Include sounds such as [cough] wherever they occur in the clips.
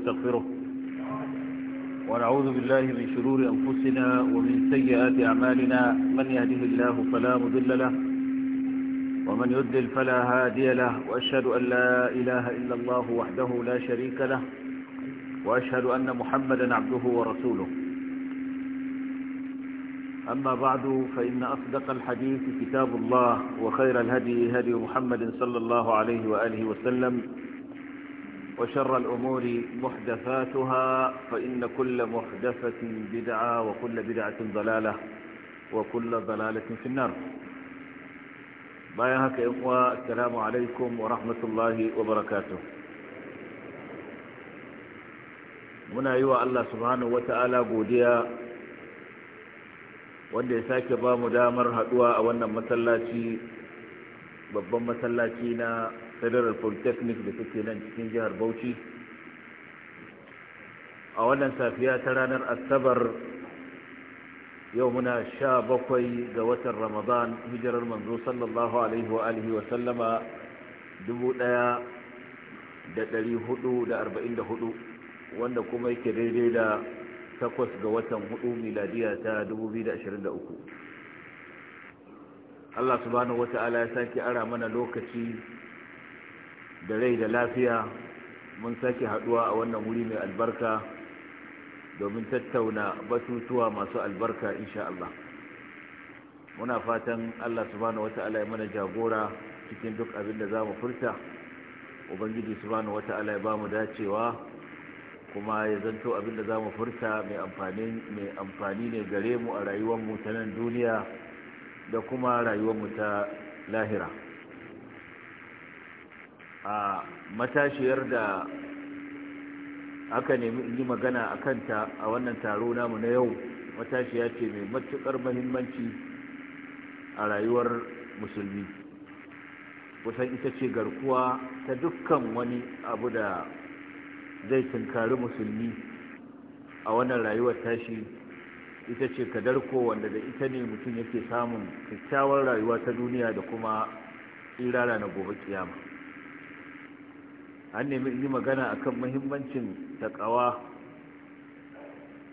نستغفره ونعوذ بالله من شرور أنفسنا ومن سيئات أعمالنا من يهده الله فلا مضل له ومن يدل فلا هادي له وأشهد أن لا إله إلا الله وحده لا شريك له وأشهد أن محمدا عبده ورسوله أما بعد فإن أصدق الحديث كتاب الله وخير الهدي هدي محمد صلى الله عليه وآله وسلم وشر الأمور محدثاتها فإن كل محدثة بدعة وكل بدعة ضلالة وكل ضلالة في النار بايها إخوة السلام عليكم ورحمة الله وبركاته هنا أيها الله سبحانه وتعالى قوديا وانا ساكبا مدامر هدوى وانا مسلاتي ببا مسلاتينا مسلاتينا federal polytechnic da take nan cikin jihar bauchi a wannan safiya ta ranar asabar yau muna sha bakwai ga watan ramadan hijirar manzo sallallahu alaihi wa alihi wa sallama dubu daya da dari hudu da arba'in da hudu wanda kuma yake daidai da takwas ga watan hudu miladiya ta dubu biyu da ashirin da uku Allah subhanahu wa ta'ala ya sake ara mana lokaci da rai da lafiya mun sake haduwa a wannan wuri mai albarka domin tattauna batutuwa masu albarka insha Allah muna fatan Allah subhanahu wata'ala ya mana jagora cikin duk abin da za mu furta ubangiji subhanahu wata'ala ya ba mu dacewa kuma ya zanto abin da za mu furta mai amfani ne gare mu a rayuwar mu ta nan duniya da kuma rayuwar mu ta lahira a matashiyar da aka nemi in yi magana a kanta a wannan taro namu na yau matashiya ce mai matukar mahimmanci a rayuwar musulmi kusan ita ce garkuwa ta dukkan wani abu da zai tunkari musulmi a wannan rayuwar tashi ita ce kadarko wanda da ita ne mutum yake samun kyakkyawar rayuwa ta duniya da kuma tsirara na gobe kiyama an nemi yi magana akan muhimmancin takawa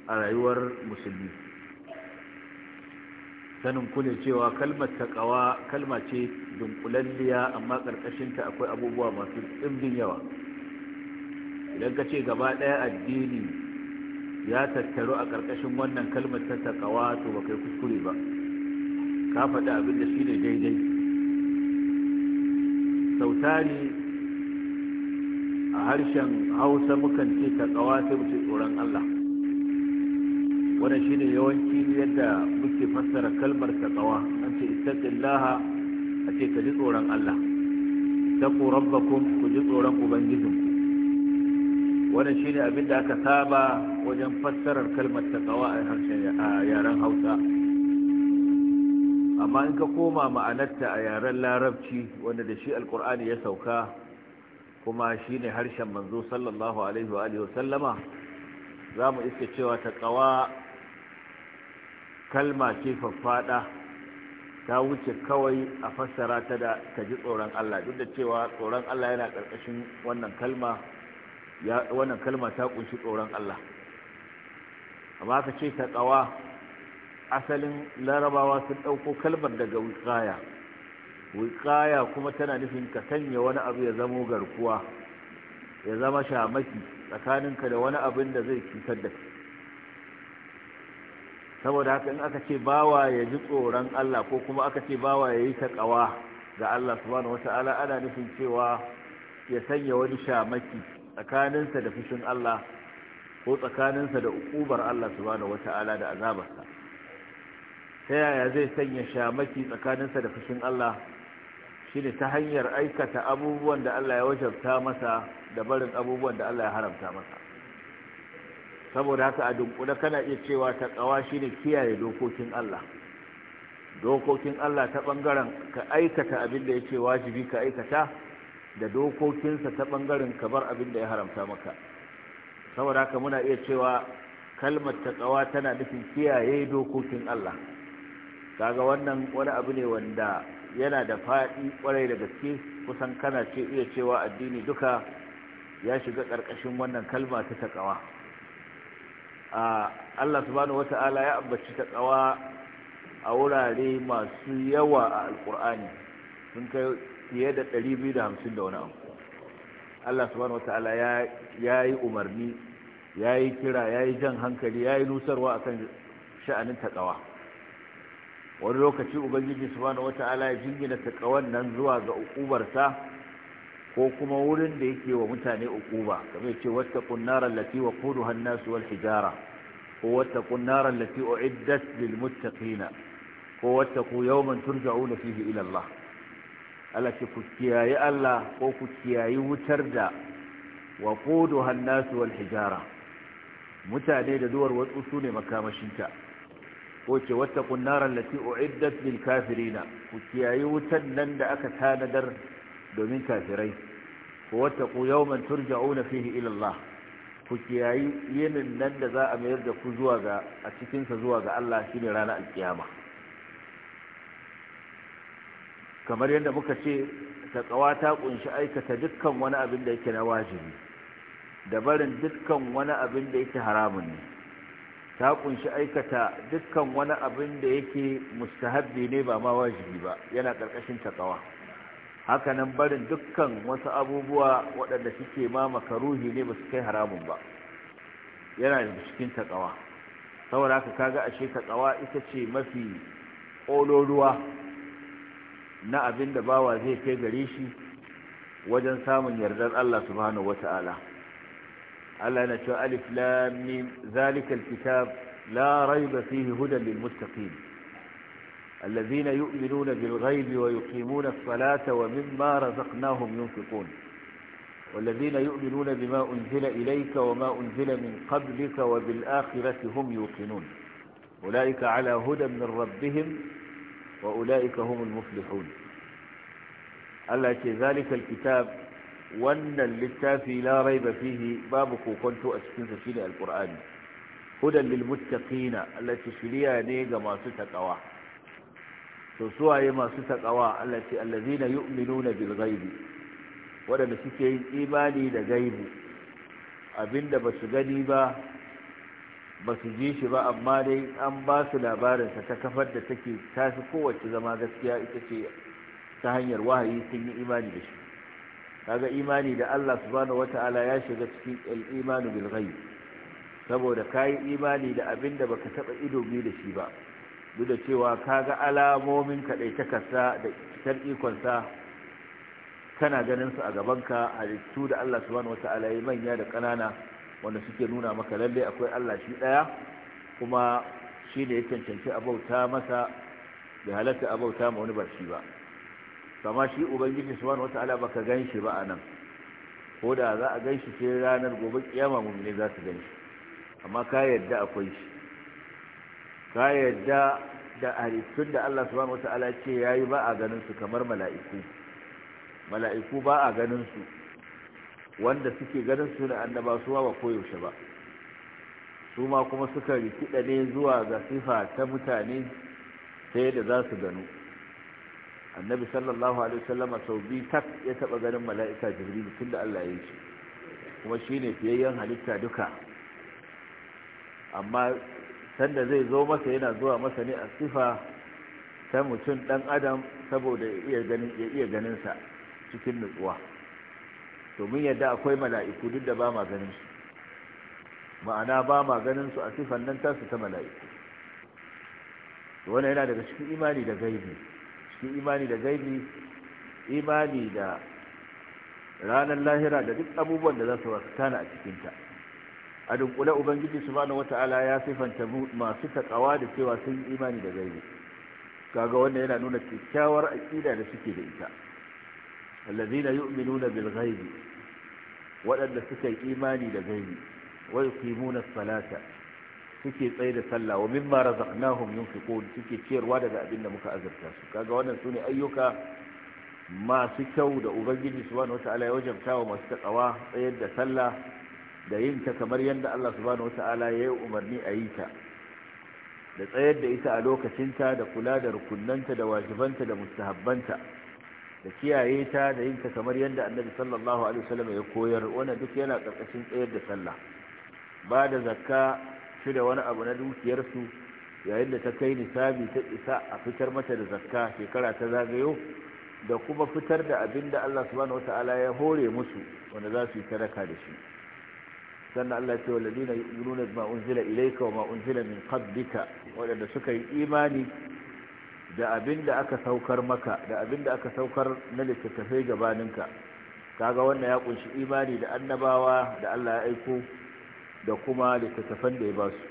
a rayuwar musulmi sanin kule cewa kalmar takawa kalma ce dunkulalliya amma ƙarƙashinta akwai abubuwa masu ɗimbin yawa idan ka ce gaba ɗaya addini ya tattaru a ƙarƙashin wannan kalmar ta takawa to ba kai kuskure ba ka faɗi abin da shi ne daidai sautari a harshen hausa mukan ce takawa sai mu ce tsoron Allah wannan shine yawanci yadda muke fassara kalmar takawa an ce ittaqillaha a ce ka ji tsoron Allah taqu rabbakum ku ji tsoron ubangijin wannan shine abin da aka saba wajen fassarar kalmar ta taqawa a harshen yaren Hausa amma in ka koma ma'anarta a yaren Larabci wanda da shi Alkur'ani ya sauka kuma shi ne harshen manzo sallallahu alaihi wa alihi wasallama za mu iske cewa ta kawa kalma ce faffada ta wuce kawai a fassara ta da ka ji tsoron Allah duk da cewa tsoron Allah yana ƙarƙashin wannan kalma ya wannan kalma ta kunshi tsoron Allah amma ka ce ta kawa asalin larabawa sun ɗauko kalmar daga wiqaya wiqaya kuma tana nufin ka sanya wani abu ya zamo garkuwa ya zama shamaki tsakaninka da wani abin da zai cutar da kai saboda haka in aka ce bawa ya ji tsoron Allah ko kuma aka ce bawa ya yi taƙawa ga Allah subhanahu ta'ala ana nufin cewa ya sanya wani shamaki tsakaninsa da fushin Allah ko tsakaninsa da ukubar Allah subhanahu ta'ala da azabarsa ta yaya zai sanya shamaki tsakaninsa da fushin Allah shi ne ta hanyar aikata abubuwan da Allah ya wajabta masa da barin abubuwan da Allah ya haramta masa saboda haka a dunkule kana iya cewa ta kawa shi ne kiyaye dokokin Allah dokokin Allah ta ɓangaren ka aikata abin da ya ce wajibi ka aikata da dokokinsa ta ɓangaren ka bar abin da ya haramta maka saboda haka muna iya cewa kalmar ta kawa tana nufin kiyaye dokokin Allah kaga wannan wani abu ne wanda yana da faɗi kwarai da gaske kusan kana ce iya cewa addini duka ya shiga ƙarƙashin wannan kalma ta taƙawa Allah subhanahu wata'ala ya ambaci taƙawa a wurare masu yawa a alƙur'ani sun kai fiye da 250 da wani abu Allah subhanahu wata'ala ya yi umarni ya yi kira ya yi jan hankali ya yi nusarwa kan sha'anin taƙawa wani lokaci ubangiji subhanahu wata'ala ya jingina takawan nan zuwa ga ukubarsa ko kuma wurin da yake wa mutane ukuba kamar ce wattaqun naral lati waquduha an-nas wal hijara ko wattaqun naral lati uiddat lil muttaqina ko wattaqu yawman turja'una fihi ila Allah Allah ce ku kiyaye Allah ko ku kiyayi wutar da waquduha an-nas wal hijara mutane da duwar wasu sune makamashinta ko ce wata kunnaran lati uiddat lil kafirina ku kiyayi wutan nan da aka tanadar domin kafirai Ku wata ku yawman turja'una fihi ila Allah ku kiyayi yinin nan da za a mayar da ku zuwa ga a cikin sa zuwa ga Allah shine ranar alkiyama kamar yadda muka ce kawa ta kunshi aikata dukkan wani abin da yake na wajibi da barin dukkan wani abin da yake haramun ne ta kunshi aikata dukkan wani abin da yake mustahabbi ne ba ma wajibi ba yana karkashin takawa hakanan barin dukkan wasu abubuwa waɗanda suke ma makaruhi ne ba su kai haramun ba yana da cikin takawa saboda haka kaga ashe takawa ita ce mafi ƙololuwa na abin da bawa zai kai gare shi wajen samun yardar Allah subhanahu wata'ala Allah yana cewa لا lam mim zalikal kitab la rayba الذين يؤمنون بالغيب ويقيمون الصلاة ومما رزقناهم ينفقون والذين يؤمنون بما أنزل إليك وما أنزل من قبلك وبالآخرة هم يوقنون أولئك على هدى من ربهم وأولئك هم المفلحون ألا ذلك الكتاب wannan littafi la raiba fihi babu kokonto a cikin sa shine alqur'ani hudan lil muttaqina allati shiriya ne ga masu takawa to suwaye masu takawa allati allazina yu'minuna bil ghaibi wadanda suke yin imani da gaibu abinda ba su gani ba ba su ji shi ba amma dai an ba su labarinsa ta kafar da take tafi kowace zama gaskiya ita ce ta hanyar wahayi sun yi imani da shi kaga imani da Allah subhanahu wata'ala ya shiga cikin al-imanu bil ghaib saboda kai imani da abinda baka taba ido biyu da shi ba duk da cewa kaga alamomin kadai takarsa da cikar ikon kana ganin su a gabanka halittu da Allah subhanahu wata'ala ya manya da kanana wanda suke nuna maka lalle akwai Allah shi daya kuma shine ne ya cancanci abauta masa da halatta abauta ma wani barci ba kama shi ubangiji subhanahu wata'ala baka ganshi ba anan nan ko da za a ganshi sai ranar gobe kiyama ne za su ganshi. amma ka yadda akwai shi ka yadda da halittun da Allah subhanahu wata'ala ce yayi ba a ganin su kamar mala'iku mala'iku ba a ganin su wanda suke ganin su da annaba su ba koyaushe ba su ma kuma suka rikida ne zuwa ga sifa ta mutane sai da za su gano annabi sallallahu alaihi wasallam sau biyu tak ya taba ganin mala'ika jibrilu da Allah ya yi shi kuma shine fiyayyen halitta duka amma sanda zai zo masa yana zuwa masa ne a sifa ta mutum dan adam saboda ya iya ganin sa cikin nutsuwa domin yadda akwai mala'iku duk da ba ma ganin su ma'ana ba ma ganin su a sifan nan tasu ta mala'iku wannan yana daga cikin imani da gaibi shi imani da gaibi imani da ranar lahira da duk abubuwan da za su wakana a cikinta a dunkule ubangiji subhanahu wata'ala ya sifanta masu takawa da cewa sun yi imani da gaibi kaga wannan yana nuna kyakkyawar aƙida da suke da ita allazina yu'minuna bil ghaibi waɗanda suka yi imani da gaibi wa yuqimuna salata suke tsaye da sallah wa mimma razaqnahum yunfiqun suke ciyarwa daga abin da muka azurta su kaga wannan sune ayyuka masu kyau da ubangiji subhanahu wata'ala ya wajabta wa masu takawa tsayar da sallah da yin ta kamar yadda Allah subhanahu wata'ala ya yi umarni a yi ta da tsayar da ita a lokacinta da kula da rukunnanta da wajibanta da mustahabbanta da kiyaye ta da yin ta kamar yadda annabi sallallahu alaihi wasallam ya koyar wannan duk yana karkashin tsayar da sallah ba da zakka da wani abu na dukiyarsu yayin da ta kai nisabi ta isa a fitar mata da zakka shekara ta zagayo da kuma fitar da abin da Allah subhanahu wata'ala ya hore musu wanda za su yi sadaka da shi sannan Allah ce walladina yu'minuna bima unzila ilayka wa ma unzila min qablika wadanda suka yi imani da abin da aka saukar maka da abin da aka saukar na littattafai gabaninka kaga wannan ya kunshi imani da annabawa da Allah ya aiko da kuma littattafan da ya ba su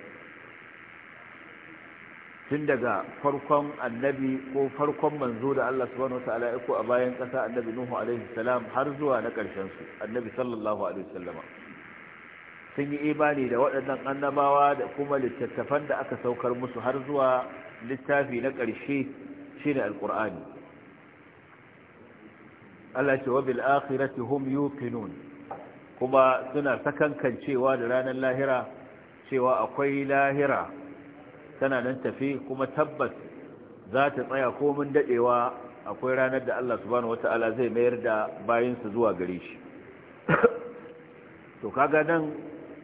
tun daga farkon annabi ko farkon manzo da Allah subhanahu wata'ala a bayan ƙasa annabi Nuhu alaihi salam har zuwa na ƙarshen su annabi sallallahu alaihi sun yi imani da waɗannan annabawa da kuma littattafan da aka saukar musu har zuwa littafi na ƙarshe shine Alƙur'ani. Allah ce wa bil akhirati hum yuqinun kuma suna sakankan cewa da ranar lahira cewa akwai lahira tana nan tafi kuma tabbas za ta tsaya komin dadewa akwai ranar da Allah subhanahu wata'ala zai mayar da bayinsu zuwa gare shi to kaga nan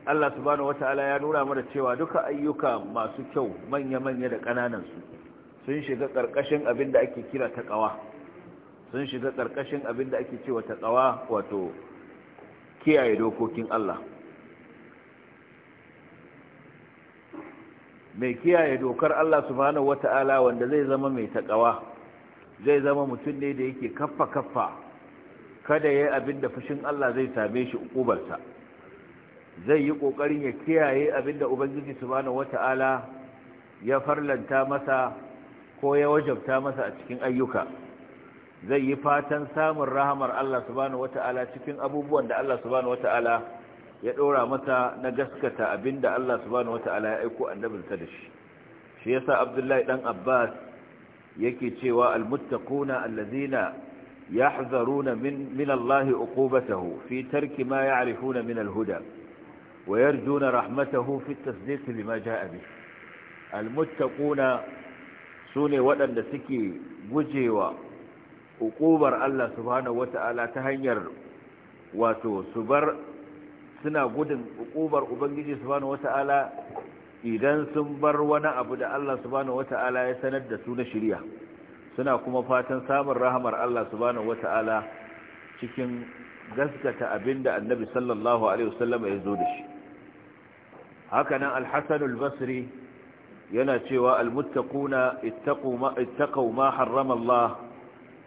Allah subhanahu wata'ala ya nura mana cewa duka ayyuka masu kyau manya-manya da kananan su sun shiga karkashin abin da ake kira taqwa sun shiga karkashin abin da ake cewa taqwa wato kiyaye dokokin Allah mai kiyaye dokar Allah subhanahu wata'ala wanda zai zama mai taƙawa, zai zama mutum ne da yake kaffa kaffa kada yayi abin da fushin Allah zai same shi ukubarsa zai yi kokarin ya kiyaye abin da ubangiji subhanahu wata'ala ya farlanta masa ko ya wajabta masa a cikin ayyuka zai yi fatan samun rahamar Allah subhanahu wata'ala cikin abubuwan da Allah subhanahu wata'ala ya dora mata na gaskata abinda Allah subhanahu wata'ala ya aiko annabinsa da shi shi yasa Abdullahi dan Abbas yake cewa almuttaquna allazina yahzaruna min min Allah uqubatahu fi tarki ma ya'rifuna min alhuda wa yarjuna rahmatahu fi at-tasdiq bima jaa bihi almuttaquna sune waɗanda suke gujewa hukubar Allah subhanahu wata'ala ta hanyar wato su bar suna gudun hukubar ubangiji subhanahu wata'ala idan sun bar wani abu da Allah subhanahu wata'ala ya sanar da su na shirya suna kuma fatan samun rahamar Allah subhanahu wata'ala cikin gaskata abinda annabi sallallahu alaihi wasallam ya zo da shi hakanan al-hasan al-basri yana cewa al-muttaquna ittaqu ma ittaqu ma harrama Allah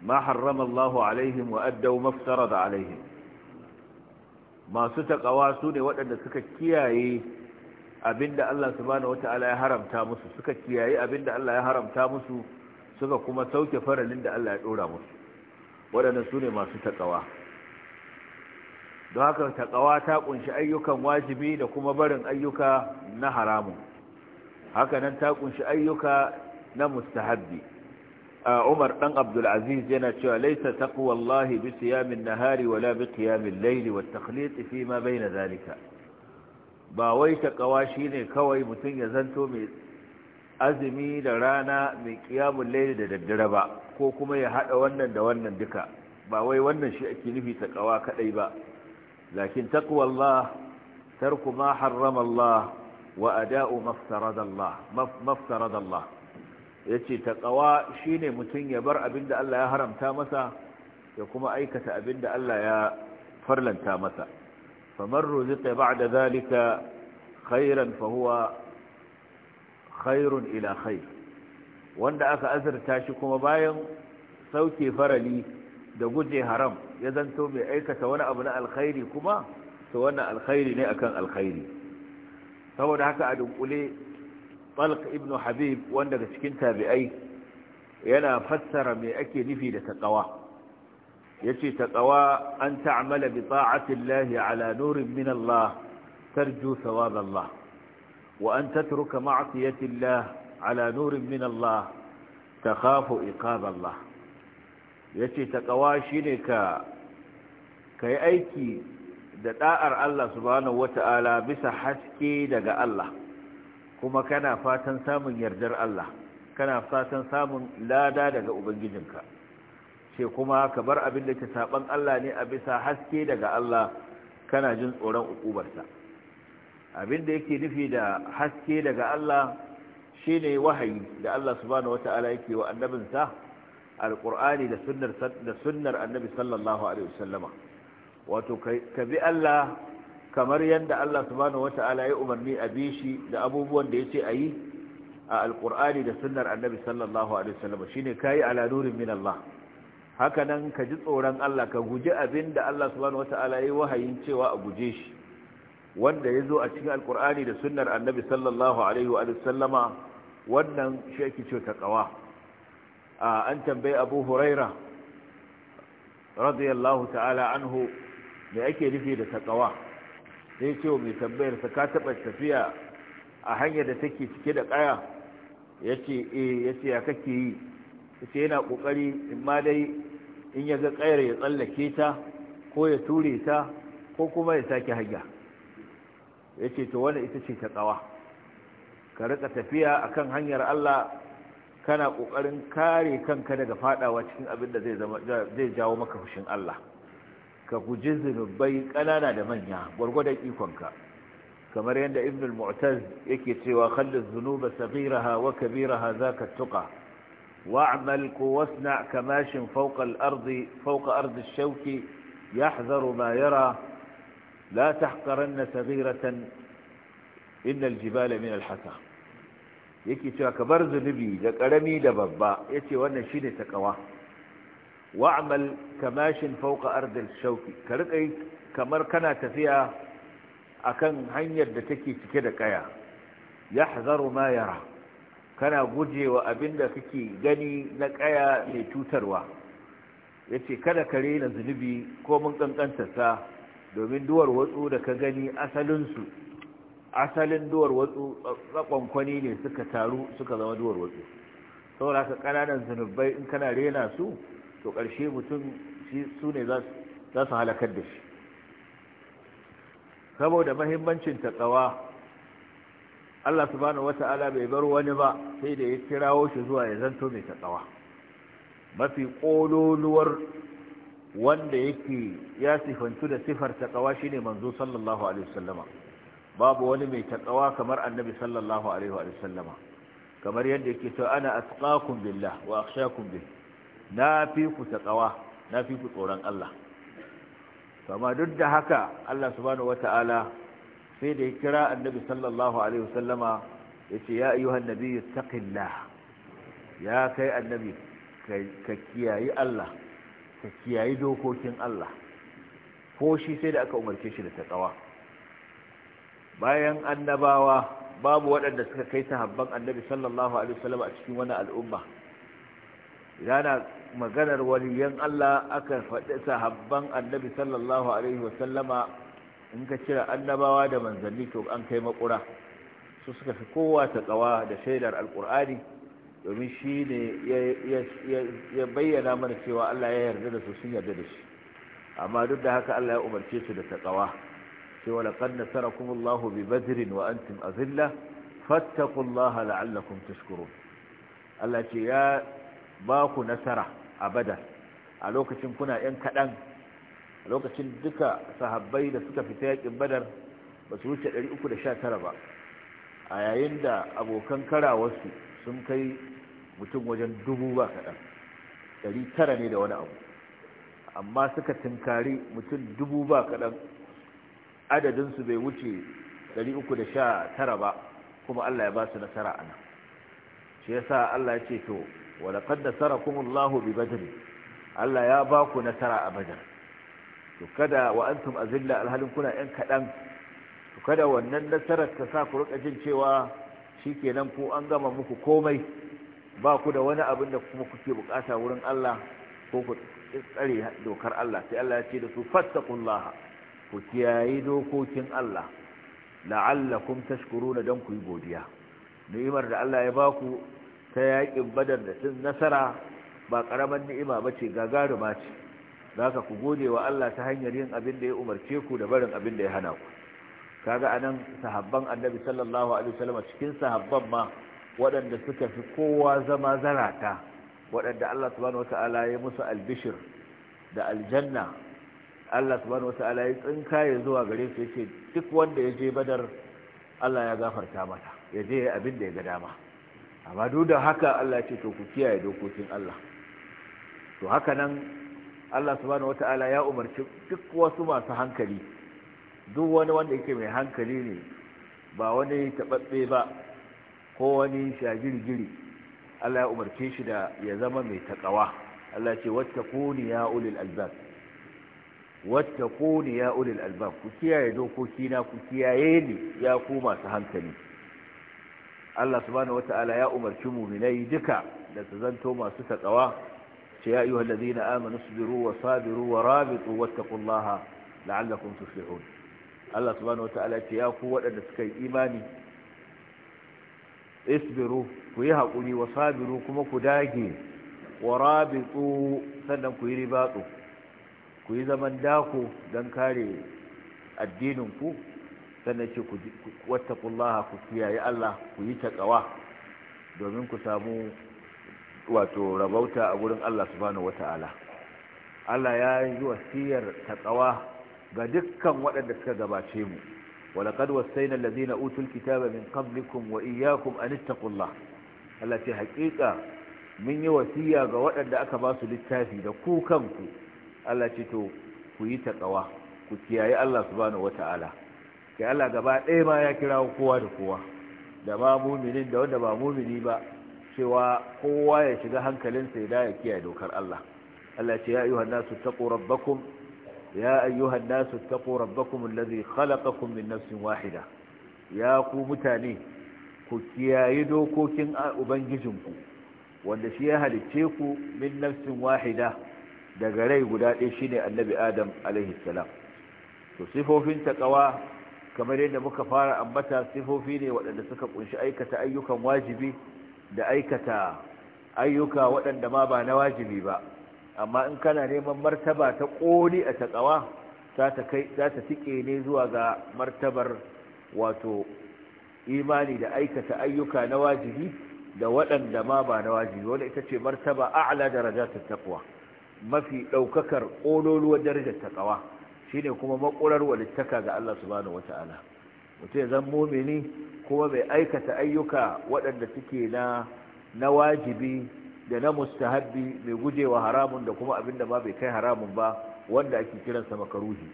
ma harrama Allahu alaihim wa addau maftarada alaihim masu takawa su ne waɗanda suka kiyaye abinda Allah subhanahu wata'ala ya haramta musu suka kiyaye abinda Allah ya haramta musu suka kuma sauke faralin da Allah ya dora musu waɗannan su ne masu takawa don haka takawa ta kunshi ayyukan wajibi da kuma barin ayyuka na haramun haka nan ta kunshi ayyuka na mustahabbi آه، عمر بن عبد العزيز ينا تشوى ليس تقوى الله بصيام النهار ولا بقيام الليل والتخليط فيما بين ذلك باويت قواشين كوي متنجة زنتو من أزمي لرانا من قيام الليل لدردربا كوكما يحق ونن دونن دكا باوي ونن شئكي نفي تقواك أيبا لكن تقوى الله ترك ما حرم الله وأداء مفترض الله مفترض الله ya ce taƙawa shi ne mutum ya bar abin da Allah ya haramta masa ya kuma aikata abin da Allah ya farlanta masa famar ruzika ba da zalika khairan fahuwa khairun ila khair wanda aka azurta shi kuma bayan sauke farali da guje haram ya zanto mai aikata wani abu na alkhairi kuma to wannan alkhairi ne akan alkhairi saboda haka a dunkule طلق ابن حبيب وانك تشكنت بأي ينا فسر من أكي نفي لتقوى يشي تقوى أن تعمل بطاعة الله على نور من الله ترجو ثواب الله وأن تترك معصية الله على نور من الله تخاف إقاب الله يشي تقوى شنك كي أيكي دتاءر الله سبحانه وتعالى بس حسكي دقاء الله kuma kana fatan samun yardar Allah kana fatan samun lada daga ubangijinka ce kuma ka bar abin da ke saban Allah ne a bisa haske daga Allah kana jin tsoron ukubarsa abin da yake nufi da haske daga Allah shine wahayi da Allah subhanahu wataala yake wa annabinsa alqur'ani da sunnar da sunnar annabi sallallahu alaihi wasallama wato ka bi Allah kamar yadda Allah subhanahu wata'ala ya umarni a bi shi da abubuwan da yace ayi a alqur'ani da sunnar annabi sallallahu alaihi wasallam shine kai ala nurin min Allah haka nan ka ji tsoron Allah ka guji abin da Allah subhanahu wata'ala ya wahayin cewa a guje shi wanda ya zo a cikin alkur'ani da sunnar annabi sallallahu alaihi wannan shi ake ce A an tambayi abu huraira radiyallahu ta'ala anhu me ake nufi da takawa sai ce wa mai tambayarsa sa ka taɓa tafiya a hanyar da take cike da ƙaya ya ce eh, ya ce ya kake yi ce yana ƙoƙari in ma dai in ya ga ƙayar ya tsallake ta ko ya ture ta ko kuma ya sake hanya ya ce to wani ita ce ta tsawa ka rika tafiya a kan hanyar Allah kana ƙoƙarin kare kanka daga faɗawa cikin abin da zai jawo maka fushin Allah ka guji zunubai kanana da manya gwargwadon ikonka kamar yadda ibn al-mu'taz yake cewa khallil dhunuba saghiraha wa kabiraha zaka tuqa wa'mal ku wasna kamashin fawqa al-ardi fawqa ardi ash-shawki yahdharu ma yara la tahqaranna saghiratan inna al-jibala min al-hasa yake cewa kabar bar zunubi da karami da babba yace wannan shine takawa wa'amal kamashin fauka ardil shauki ka riƙa kamar kana tafiya akan hanyar da take cike da kaya ya hazaru ma yara kana gujewa abin da kake gani na kaya mai cutarwa ya ce kada ka rena zunubi ko mun ƙanƙantarsa domin duwar watsu da ka gani asalinsu asalin duwar watsu tsakonkwani ne suka taru suka zama duwar watsu saboda ka ƙananan zunubai in kana rena su to ƙarshe mutum su ne za su halakar da shi saboda mahimmancin taƙawa Allah subhanahu Ta'ala bai bar wani ba sai da ya kirawo shi zuwa ya zanto mai taƙawa mafi ƙololuwar wanda yake ya sifantu da sifar taƙawa shine manzo sallallahu alaihi wasallama babu wani mai taƙawa kamar annabi sallallahu alaihi wasallama kamar yadda yake to ana atqakum billah wa na fi ku taƙawa na fi ku tsoron Allah amma duk da haka Allah subhanahu wata'ala sai da ya kira annabi sallallahu alaihi wasallama ya ce ya ayyuhan nabiyyu taqillah ya kai annabi ka kiyayi Allah ka kiyayi dokokin Allah ko shi sai da aka umarce shi da taƙawa bayan annabawa babu waɗanda suka kai sahabban annabi sallallahu alaihi wasallama a cikin wani al'umma yana maganar waliyan Allah aka faɗi sahabban annabi sallallahu alaihi wasallama in ka cire annabawa da manzanni to an kai makura su suka fi kowa ta kawa da shaidar alkur'ani domin shi ne ya bayyana mana cewa Allah ya yarda da su sun yarda da shi amma duk da haka Allah ya umarce su da ta kawa cewa laqad nasarakumullahu bi badrin wa antum azilla fattaqullaha la'allakum tashkurun Allah ce ya ba ku nasara a badar a lokacin kuna yan kaɗan a lokacin duka sahabbai da suka fita yakin badar ba su wuce 319 ba a yayin da abokan karawarsu sun kai mutum wajen dubu ba kaɗan 900 ne da wani abu amma suka tunkari mutum dubu ba kaɗan adadinsu bai wuce 319 ba kuma allah ya ba su nasara ana Shi ya sa allah ya ce to wa laqad nasarakum Allahu bi badr Allah ya ba ku nasara a badar to kada wa antum azilla alhalin kuna yan kaɗan. to kada wannan nasarar ta sa ku rika jin cewa shi kenan ku an gama muku komai ba ku da wani abin da kuma kuke bukata wurin Allah ko ku tsare dokar Allah sai Allah ya ce da su kullaha ku kiyayi dokokin Allah la'allakum tashkuruna don ku yi godiya ni'imar da Allah ya baku ta yaƙin badar da sun nasara ba ƙaramin ni'ima ba ce gagaruma ce za ka ku gode wa Allah ta hanyar yin abin da ya umarce ku da barin abin da ya hana ku kaga anan sahabban annabi sallallahu alaihi wasallam cikin sahabban ma waɗanda suka fi kowa zama zarata waɗanda Allah subhanahu wataala ya musu albishir da aljanna Allah subhanahu wataala ya tsinka ya zuwa gare su yace duk wanda ya je badar Allah ya gafarta mata ya je abin da ya ga dama amma duk da haka Allah ce to ku kiyaye dokokin Allah to haka nan Allah subhanahu wata'ala ya umarci duk wasu masu hankali duk wani wanda yake mai hankali ne ba wani taɓaɓɓe ba ko wani shagirgiri Allah ya umarce shi da ya zama mai taƙawa Allah ce wattaquni ya ulil albab wattaquni ya ulil albab ku kiyaye dokoki na ku kiyaye ni ya ku masu hankali Allah subhanahu wata'ala ya umarci muminai duka da su zanto masu taqawa ce ya ayyuhal ladina amanu sabiru wa sabiru wa rabitu wattaqullaha la'allakum tuflihun Allah subhanahu wata'ala ce ya ku waɗanda suka yi imani isbiru ku yi haƙuri wa sabiru kuma ku dage wa rabitu sannan ku yi ribatu ku yi zaman dako don kare addinin ku sannan ce ku wattaqullaha ku kiyaye Allah ku yi taqwa domin ku samu wato rabauta a gurin Allah subhanahu wata'ala Allah ya yi wasiyar taqwa ga dukkan waɗanda suka gabace mu ولقد وصينا الذين اوتوا الكتاب من قبلكم واياكم ان اتقوا Allah ce حقيقه mun yi wasiya ga waɗanda aka ba su littafi da ku kanku Allah ce to ku yi taƙawa ku kiyaye Allah subhanahu wataala kai Allah gaba ɗaya ma ya kira kowa da kowa da ma muminin da wanda ba mumini ba cewa kowa ya shiga hankalinsa ya ya kiyaye dokar Allah Allah ce ya ayyuhan nasu taqu rabbakum ya ayyuhan nasu taqu rabbakum allazi khalaqakum min nafsin wahida ya ku mutane ku kiyaye dokokin ubangijinku wanda shi ya halicce ku min nafsin wahida daga rai guda ɗaya shine annabi adam alaihi salam to sifofin taqwa kamar yadda muka fara ambata sifofi ne waɗanda suka kunshi aikata ayyukan wajibi da aikata ayyuka waɗanda ma ba na wajibi ba amma in kana neman martaba ta ƙoli a taƙawa za ta tike ne zuwa ga martabar wato imani da aikata ayyuka na wajibi da waɗanda ma ba na wajibi wanda ita ce martaba a'la darajatul taqwa mafi ɗaukakar ƙololuwar darajar taqwa shine kuma makurar walittaka ga Allah subhanahu wata'ala mutum ya zama mumini kuma bai aikata ayyuka waɗanda suke na na wajibi da na mustahabbi mai gujewa haramun da kuma abin da ba bai kai haramun ba wanda ake kiransa makaruhi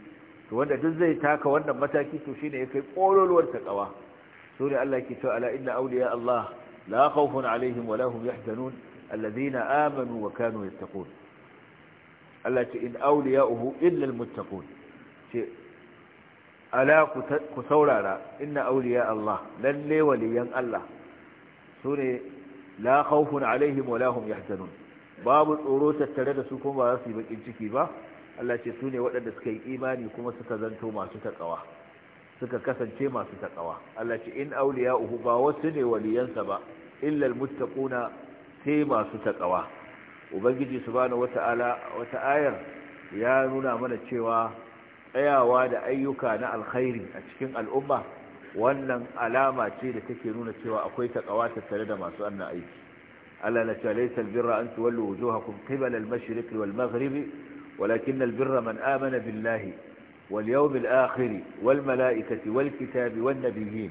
to wanda duk zai taka wannan mataki to shine ya kai kololuwar takawa sura Allah ke cewa ala inna awliya Allah la khawfun alaihim wa lahum yahzanun alladhina amanu wa kanu yattaqun Allah ce in awliya'uhu illa almuttaqun ce ala ku saurara inna auliya Allah lalle waliyan Allah su ne la khawfun alaihim wa lahum yahzanun babu tsoro tattare da su kuma ba za su yi bakin ciki ba Allah ce su ne waɗanda suka yi imani kuma suka zanto masu taƙawa suka kasance masu taƙawa Allah ce in auliya uhu ba wasu ne waliyansa ba illal muttaquna sai masu taƙawa ubangiji subhanahu wata'ala wata ayar ya nuna mana cewa tsayawa da ayyuka na alkhairi a cikin al'umma wannan alama ce da take nuna cewa akwai takawa tattare da masu annan aiki Allah la cewa albirra an tuwallu wujuhakum qibala al-mashriq wal maghrib walakin al-birra man amana billahi wal yawm al-akhir wal malaikati wal kitabi wan nabiyyin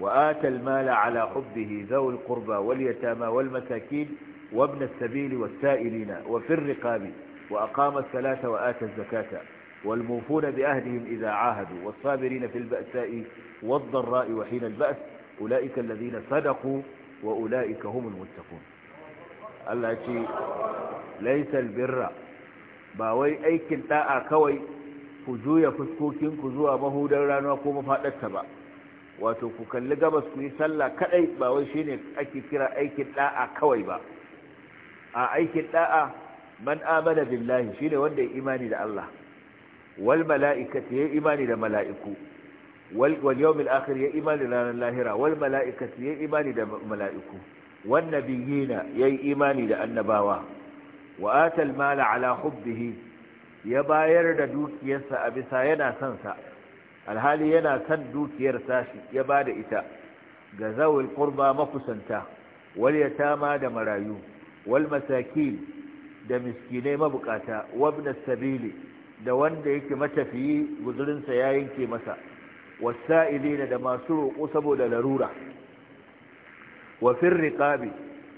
وآتى المال على حبه ذوي القربى واليتامى والمساكين وابن السبيل والسائلين وفي الرقاب وأقام الصلاة وآتى الزكاة والموفون بأهلهم إذا عاهدوا والصابرين في البأساء والضراء وحين البأس أولئك الذين صدقوا وأولئك هم المتقون التي ليس البر باوي أي كنتاء كوي فجو يفسكوكين كزوا مهو دوران وكوم فاتتا با واتوكو كان لقبس كوي سلا كأي باوي شيني أكي كرا أي كنتاء كوي با آه، أي كنتاء من آمن بالله شيني وندي إيماني لأ الله wal mala'ikati ya imani da mala'iku wal akhir ya imani da ranar lahira wal mala'ikati ya imani da mala'iku wan nabiyina ya imani da annabawa wa atal mala ala hubbihi ya bayar da dukiyarsa a bisa yana son sa alhali yana son dukiyar sashi ya ba da ita ga zawil qurba makusanta wal yatama da marayu wal masakin da miskinai mabukata wabna sabili da wanda yake matafiyi guzurinsa ya yanke masa wasa'ilina da masu roƙo saboda larura wafin firriqabi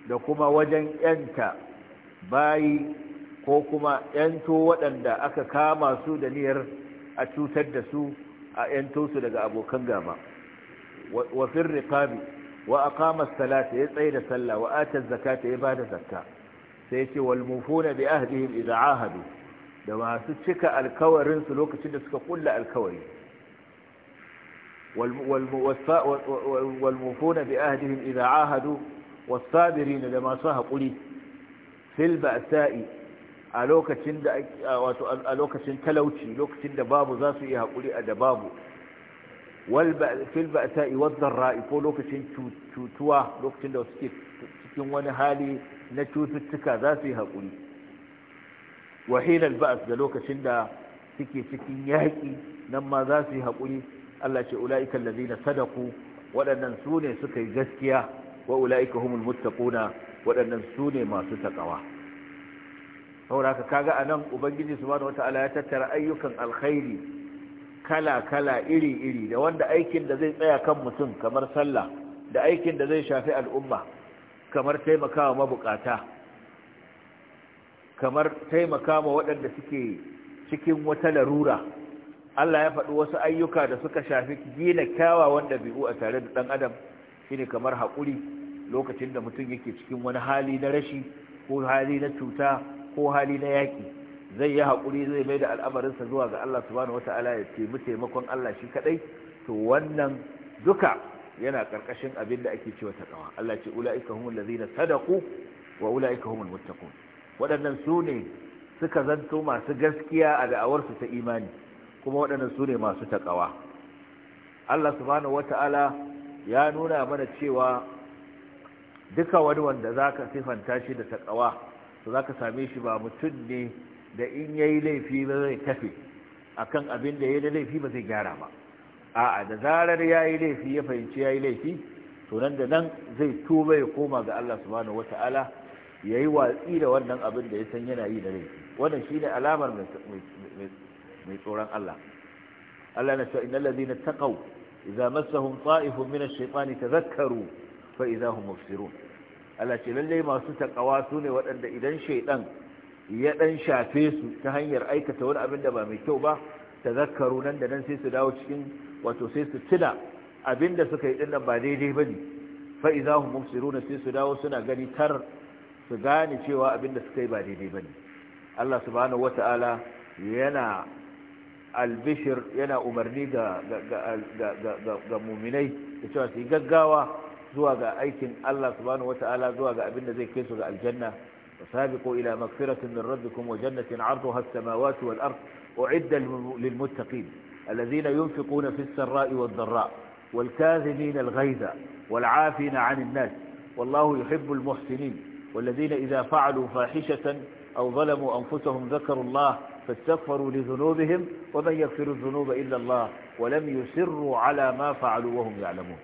da kuma wajen yanta bayi ko kuma yanto waɗanda aka kama su da niyyar a cutar da su a yanto su daga abokan gaba wafin firriqabi wa aqama salata ya tsaye da sallah wa zakata ya bada zakka sai ce wal mufuna bi ahdihim idza ahadu da masu cika alkawarinsu lokacin da suka kulla alkawari walmufuna bi ahdihim idza ahadu was da masu haƙuri fil ba'sa'i a lokacin da wato a lokacin talauci lokacin da babu za su yi haƙuri a da babu fil ba'sa'i wad-dharra'i ko lokacin cutuwa lokacin da suke cikin wani hali na cututtuka za su yi haƙuri wahilal ba'as da lokacin da suke cikin yaƙi nan ma za su yi haƙuri Allah ce ula'ikan lazina sadaku waɗannan su ne suka yi gaskiya wa ula'ika humul muttaquna waɗannan su ne masu taƙawa Hauraka ka kaga a nan ubangiji subhanahu wata ya tattara ayyukan alkhairi kala kala iri iri da wanda aikin da zai tsaya kan mutum kamar sallah da aikin da zai shafi al'umma kamar taimakawa mabukata kamar taimaka ma waɗanda suke cikin wata larura Allah ya faɗi wasu ayyuka da suka shafi gina kyawawan ɗabi'u a tare da ɗan adam shine kamar haƙuri lokacin da mutum yake cikin wani hali na rashi ko hali na cuta ko hali na yaƙi zai yi haƙuri zai mai da al'amarinsa zuwa ga Allah subhanahu wata'ala ya taimu taimakon Allah shi kaɗai to wannan duka yana ƙarƙashin abin da ake cewa ƙawa, Allah ce ula'ika humul ladzina sadaqu wa ula'ika humul muttaqun waɗannan su ne suka zanto masu gaskiya a da'awarsu ta imani kuma waɗannan su ne masu taƙawa Allah subhanahu wata'ala ya nuna mana cewa duka wani wanda za ka sifanta shi da taƙawa to za ka same shi ba mutum ne da in ya yi laifi ba zai tafi, a kan abin da ya yi laifi ba zai gyara ba a'a da zarar ya yi laifi ya fahimci ya yi laifi to nan da nan zai tuba ya koma ga Allah subhanahu wata'ala ya yi watsi da wannan abin da ya san yana yi da rai wannan shi ne alamar mai tsoron Allah Allah na sha'in ta na taƙau idan masahun ta'ifun minas shaifani ta zakaru fa idan hun Allah ce lallai masu takawa su ne waɗanda idan shaidan ya ɗan shafe su ta hanyar aikata wani abin da ba mai kyau ba ta zakaru nan da nan sai su dawo cikin wato sai su tuna abin da suka yi ɗin nan ba daidai ba ne fa idan hun na sai su dawo suna gani tar su gane cewa abin da suka yi ba daidai ba ne allah subhanahu wata'ala yana albishir yana umarni ga ga muminai da cewa su yi gaggawa zuwa ga aikin allah subhanahu wata'ala zuwa ga abin da zai kai su ga aljanna وسابقوا إلى مغفرة من ربكم وجنة عرضها السماوات والأرض أعد للمتقين الذين ينفقون في السراء والضراء والكاذبين الغيظ والعافين عن الناس والله يحب المحسنين والذين إذا فعلوا فاحشة أو ظلموا أنفسهم ذكروا الله فاستغفروا لذنوبهم ومن يغفر الذنوب إلا الله ولم يسروا على ما فعلوا وهم يعلمون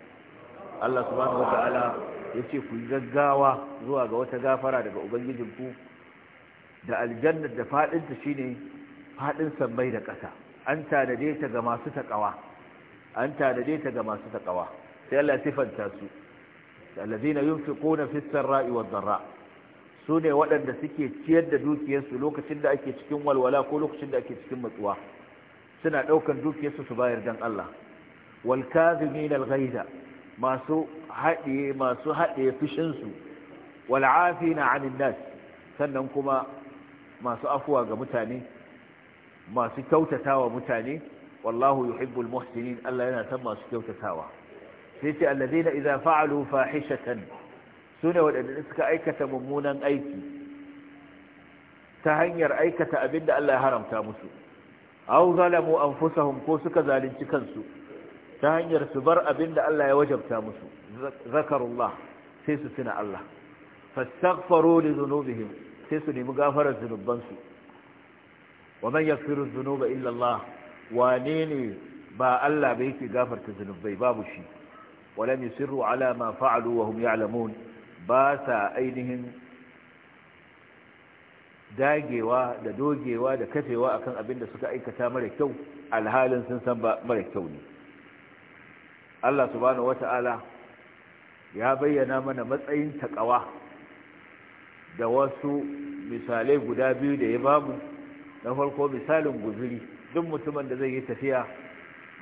الله سبحانه وتعالى يشوف يشيك الزقاوة زواق وتقافرة لقوبان يجبكو دا الجنة دا فال انت شيني فال انسا بيدك أتا أنت نديت قماستك أواه أنت نديت قماستك أواه سيالله سفن تاسو الذين ينفقون في السراء والضراء su ne waɗanda suke ciyar da dukiyarsu lokacin da ake cikin walwala ko lokacin da ake cikin matsuwa suna ɗaukar dukiyarsu su bayar don Allah wal kazimin al-ghaiza masu haɗe masu haɗe fushinsu wal afina nas sannan kuma masu afuwa ga mutane masu kyautatawa mutane wallahu yuhibbul muhsinin Allah yana san masu kyautatawa sai ce alladheena idza fa'alu fahishatan su ne waɗanda suka aikata mummunan aiki ta hanyar aikata abin da Allah ya haramta musu au zalamu anfusahum ko suka zalunci kansu ta hanyar su bar abin da Allah ya wajabta musu zakarullah sai su tuna Allah fastaghfaru li dhunubihim sai su nemi gafarar zunubansu wa man yaghfiru dhunuba illa Allah ba Allah ba yake gafarta zunubai babu shi ولم ala ma fa'alu wa hum ya'lamun ba sa ainihin dagewa da dogewa da kafewa akan abin da suka aikata mara kyau alhalin sun san ba mara kyau ne Allah subhanahu wata'ala ya bayyana mana matsayin takawa da wasu misalai guda biyu da ya babu na farko misalin guzuri duk mutumin da zai yi tafiya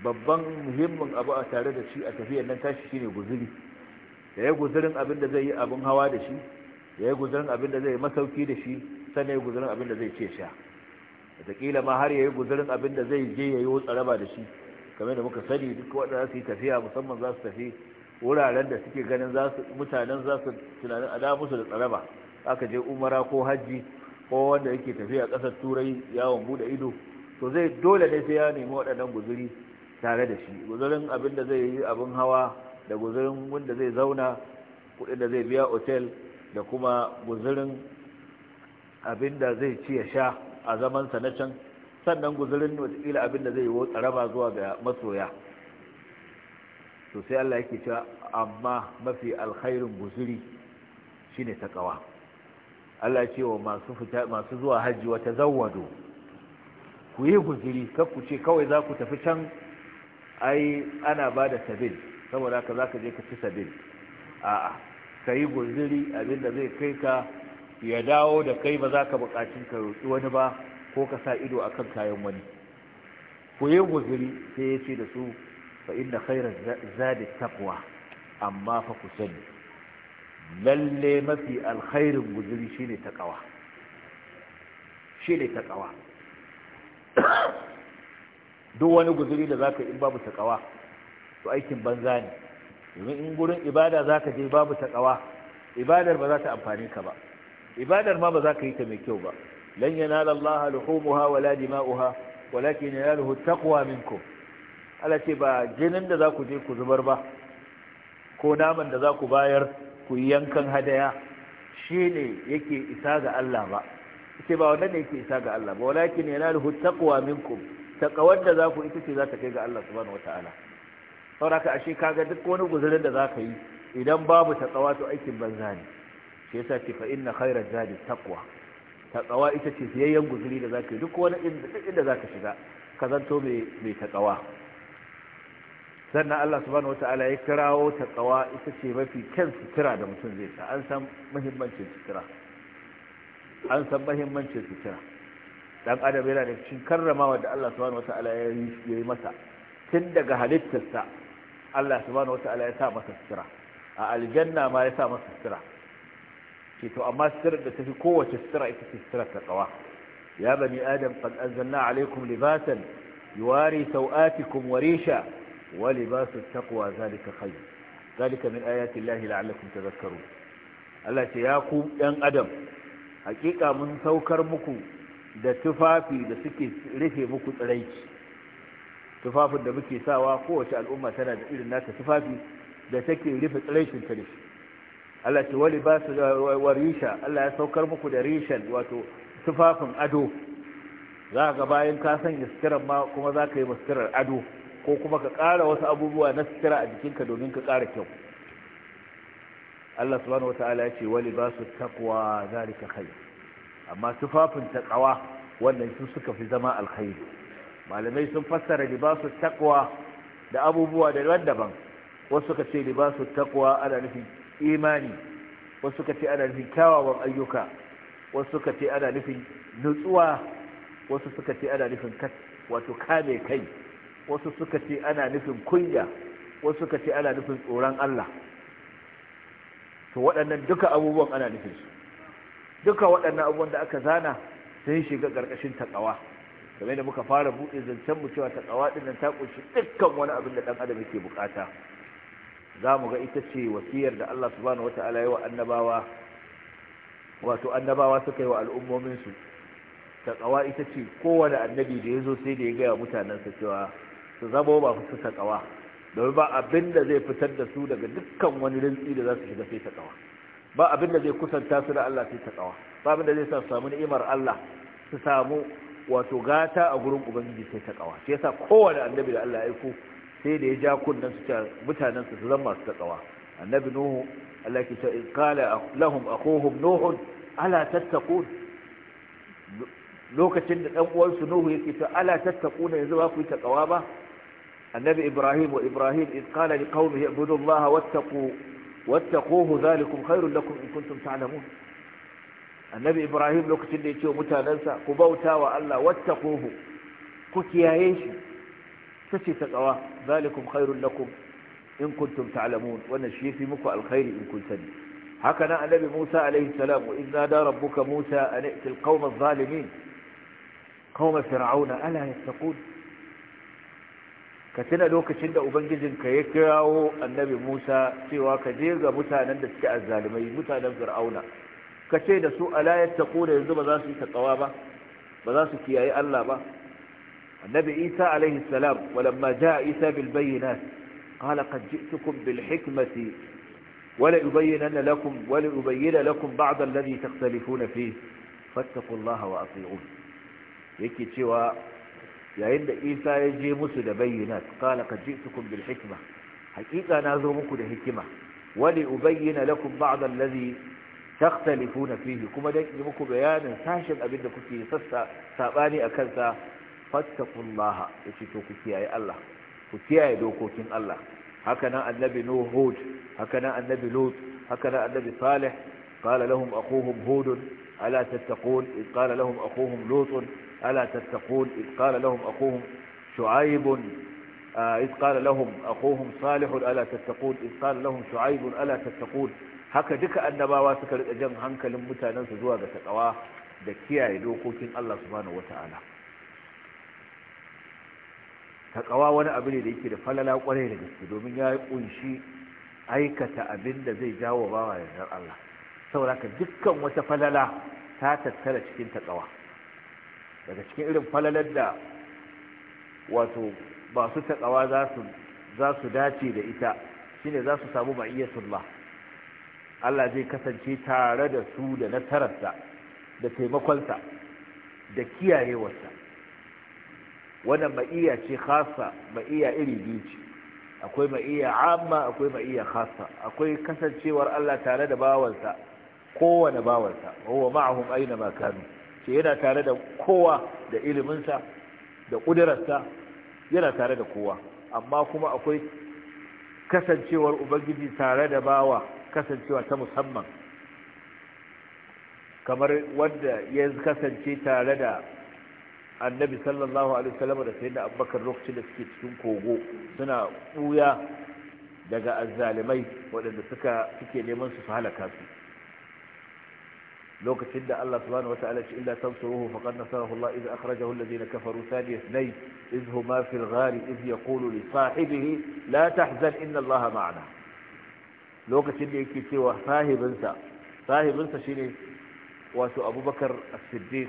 babban muhimmin abu a tare da shi a tafiyar nan tashi shine guzuri ya yi guzurin abin da zai yi abin hawa da shi ya yi guzurin abin da zai yi masauki da shi sannan ya yi guzurin abin da zai ce sha da wataƙila ma har ya yi guzurin abin da zai je ya yi wutsa raba da shi kamar da muka sani duk za su yi tafiya musamman za su tafi wuraren da suke ganin mutanen za su tunanin ada musu da tsaraba aka je umara ko hajji ko wanda yake tafiya ƙasar turai yawon bude ido to zai dole ne sai ya nemi waɗannan guzuri tare da shi guzurin abin da zai yi abin hawa da guzurin wanda zai zauna kudin da zai biya otel da kuma guzurin abin da zai ci ya sha a zaman na sannan guzurin watakila abin da zai yi raba zuwa ga masoya sosai Allah yake cewa amma mafi alkhairin guzuri shine takawa Allah ce wa masu zuwa hajji wata zawado ku yi guzuri kar ce kawai za ku tafi can ai ana ba da sabil saboda ka za je ka ci sabin a'a ka yi gunziri abinda zai kai ka ya dawo da kai ba za ka ka roƙi wani ba ko ka sa ido akan kayan wani ku yi gunziri sai ya ce da su fa inna khairar zadi taqwa amma fa ku sani lalle mafi alkhairin gunziri shine taqwa shine taqwa duk wani guzuri da zaka in babu taqwa to aikin banza ne domin in gurin ibada za ka je babu taƙawa ibadar ba za ta amfani ka ba ibadar ma ba za ka yi ta mai kyau ba lan yanala Allah luhumuha wala dima'uha walakin yanaluhu taqwa minkum Allah ce ba jinin da za ku je ku zubar ba ko naman da za ku bayar ku yi yankan hadaya shi ne yake isa ga Allah ba ce ba wannan ne yake isa ga Allah ba walakin yanaluhu taqwa minkum taqawar da za ku ita ce za ta kai ga Allah subhanahu wataala ka ashe kaga duk wani guzurin da zaka yi idan babu taqwa to aikin banza ne shi yasa ce fa inna khayra zadi taqwa taqwa ita ce siyayyen guzuri da zaka yi duk wani inda zaka shiga ka zanto mai mai taqwa sannan Allah subhanahu wataala ya kirawo taqwa ita ce mafi kyan sutura da mutum zai sa an san muhimmancin sutura an san muhimmancin sutura dan adam yana da cikin karramawa da Allah subhanahu wataala ya yi masa tun daga halittarsa Allah subhanahu wata'ala ya sa masa sutura a aljanna ma ya sa masa sutura ce to amma suturar da tafi kowace sutura ita ce suturar taqwa ya bani adam qad anzalna alaykum libasan yuwari sawatikum wa risha wa libasu taqwa zalika khayr zalika min ayati llahi la'allakum tadhakkarun Allah ce ya ku ɗan adam hakika mun saukar muku da tufafi da suke rufe muku tsiraici tufafin da muke sawa kowace al'umma tana da irin nata tufafi da take rufe tsirashin ta da Allah ce wali ba su wa risha Allah ya saukar muku da rishan wato tufafin ado za ka bayan ka sanya suturar ma kuma za ka yi suturar ado ko kuma ka ƙara wasu abubuwa na sutura a jikinka domin ka ƙara kyau Allah subhanahu wata'ala ya ce wali ba su takwa zalika khair amma tufafin ƙawa wannan su suka fi zama alkhairi malamai sun fassara libasu taqwa da abubuwa daban-daban wasu suka ce libasu taqwa ana nufin imani wasu suka ce ana nufin kyawawan ayyuka wasu suka ce ana nufin nutsuwa wasu suka ce ana nufin wato kame kai wasu suka ce ana nufin kunya wasu suka ce ana nufin tsoron Allah to waɗannan duka abubuwan ana nufin su duka waɗannan abubuwan da aka zana sun shiga ƙarƙashin taƙawa kamar da muka fara buɗe zancen mu cewa taqwa din nan ta kunshi dukkan wani abin da dan adam yake bukata za mu ga ita ce wasiyar da Allah subhanahu wata'ala ya wa annabawa wato annabawa suka yi wa al'ummomin su taqwa ita ce kowane annabi da ya zo sai da ya gaya mutanen mutanensa cewa su zama ba su taqwa domin ba abin da zai fitar da su daga dukkan wani rintsi da za su shiga sai taqwa ba abin da zai kusanta su da Allah sai taqwa ba abin da zai sa su samu ni'imar Allah su samu wato gata a gurin ubangiji sai ta kawa shi yasa kowanne annabi da Allah ya aiko sai da ya ja kunnan su mutanen su zan masu ta kawa annabi nuhu Allah ke ce qala lahum akuhum nuh ala tattaqun lokacin da dan uwansu nuhu yake ce ala tattaquna yanzu ba ku ta kawa ba annabi ibrahim wa ibrahim id qala liqaumihi allaha wattaqu wattaquhu dhalikum khairul lakum in kuntum ta'lamun annabi ibrahim lokacin da ya ce wa mutanensa ku bauta wa allah wattaquhu ku kiyaye shi ta ce ta taqawa zalikum khairul lakum in kuntum ta'lamun wannan shi yafi muku alkhairi in kun sani haka nan annabi musa alaihi salam wa idza da rabbuka musa an i'til qawma adh-dhalimin qawma fir'auna ala yattaqun ka tuna lokacin da ubangijin ka ya kirawo annabi musa cewa ka je ga mutanen da suke azzalumai mutanen fir'auna kace da su ala ya yattaquna yanzu ba za su yi taqwa ba ba za su kiyaye Allah ba annabi Isa alaihi salam walamma jaa Isa bil bayyinat qala qad ji'tukum bil hikmati wala ubayyana lakum wala ubayyana lakum ba'd alladhi takhtalifuna fihi fattaqullaha wa ati'un yake cewa yayin da Isa ya je musu da bayyinat qala qad ji'tukum bil hikma haqiqa na zo muku da hikima wala ubayyana lakum ba'd alladhi تختلفون فيه كما يجبكم بيانا ساشم أبدا كنت يسسى ساباني أكذا فاتقوا الله يشتوك سياء الله سياء دوكوك الله هكنا النبي نوه هود هكنا النبي لوط هكنا النبي صالح قال لهم أخوهم هود ألا تتقون إذ قال لهم أخوهم لوط ألا تتقون إذ قال لهم أخوهم شعيب آه، إذ قال لهم أخوهم صالح ألا تتقون إذ قال لهم شعيب ألا تتقون haka duka annabawa suka rika jan hankalin mutanensu zuwa ga takawa da kiyaye dokokin Allah subhanahu wata'ala takawa wani abu ne da yake da falala kwarai da gaske domin ya kunshi aikata abin da zai jawo bawa yardar Allah saboda dukkan wata falala ta tattara cikin takawa daga cikin irin falalar da wato ba su takawa za su dace da ita shine za su samu ma'iyatullah Allah zai kasance tare da su da nasararsa da taimakonsa da kiyayewarsa wannan ma'iya ce khasa ma'iya iri biyu ce akwai ma'iya amma akwai ma'iya khasa akwai kasancewar Allah tare da bawansa kowane bawansa huwa ma'ahum aina ma kanu ce yana tare da kowa da iliminsa da kudirarsa yana tare da kowa amma kuma akwai kasancewar ubangiji tare da bawa kasancewa ta musamman kamar wanda ya kasance tare da annabi sallallahu alaihi wasallam da sayyidina abubakar lokacin da suke cikin kogo suna buya daga azzalimai waɗanda suka suke neman su halaka su lokacin da Allah subhanahu wataala ce illa tansuruhu faqad nasarahu Allah idh akhrajahu alladhina kafaru thani ithnay idh huma fil ghari idh yaqulu li sahibihi la tahzan inna Allah ma'ana lokacin da yake cewa sahibinsa sahibinsa shine wato abubakar as-siddiq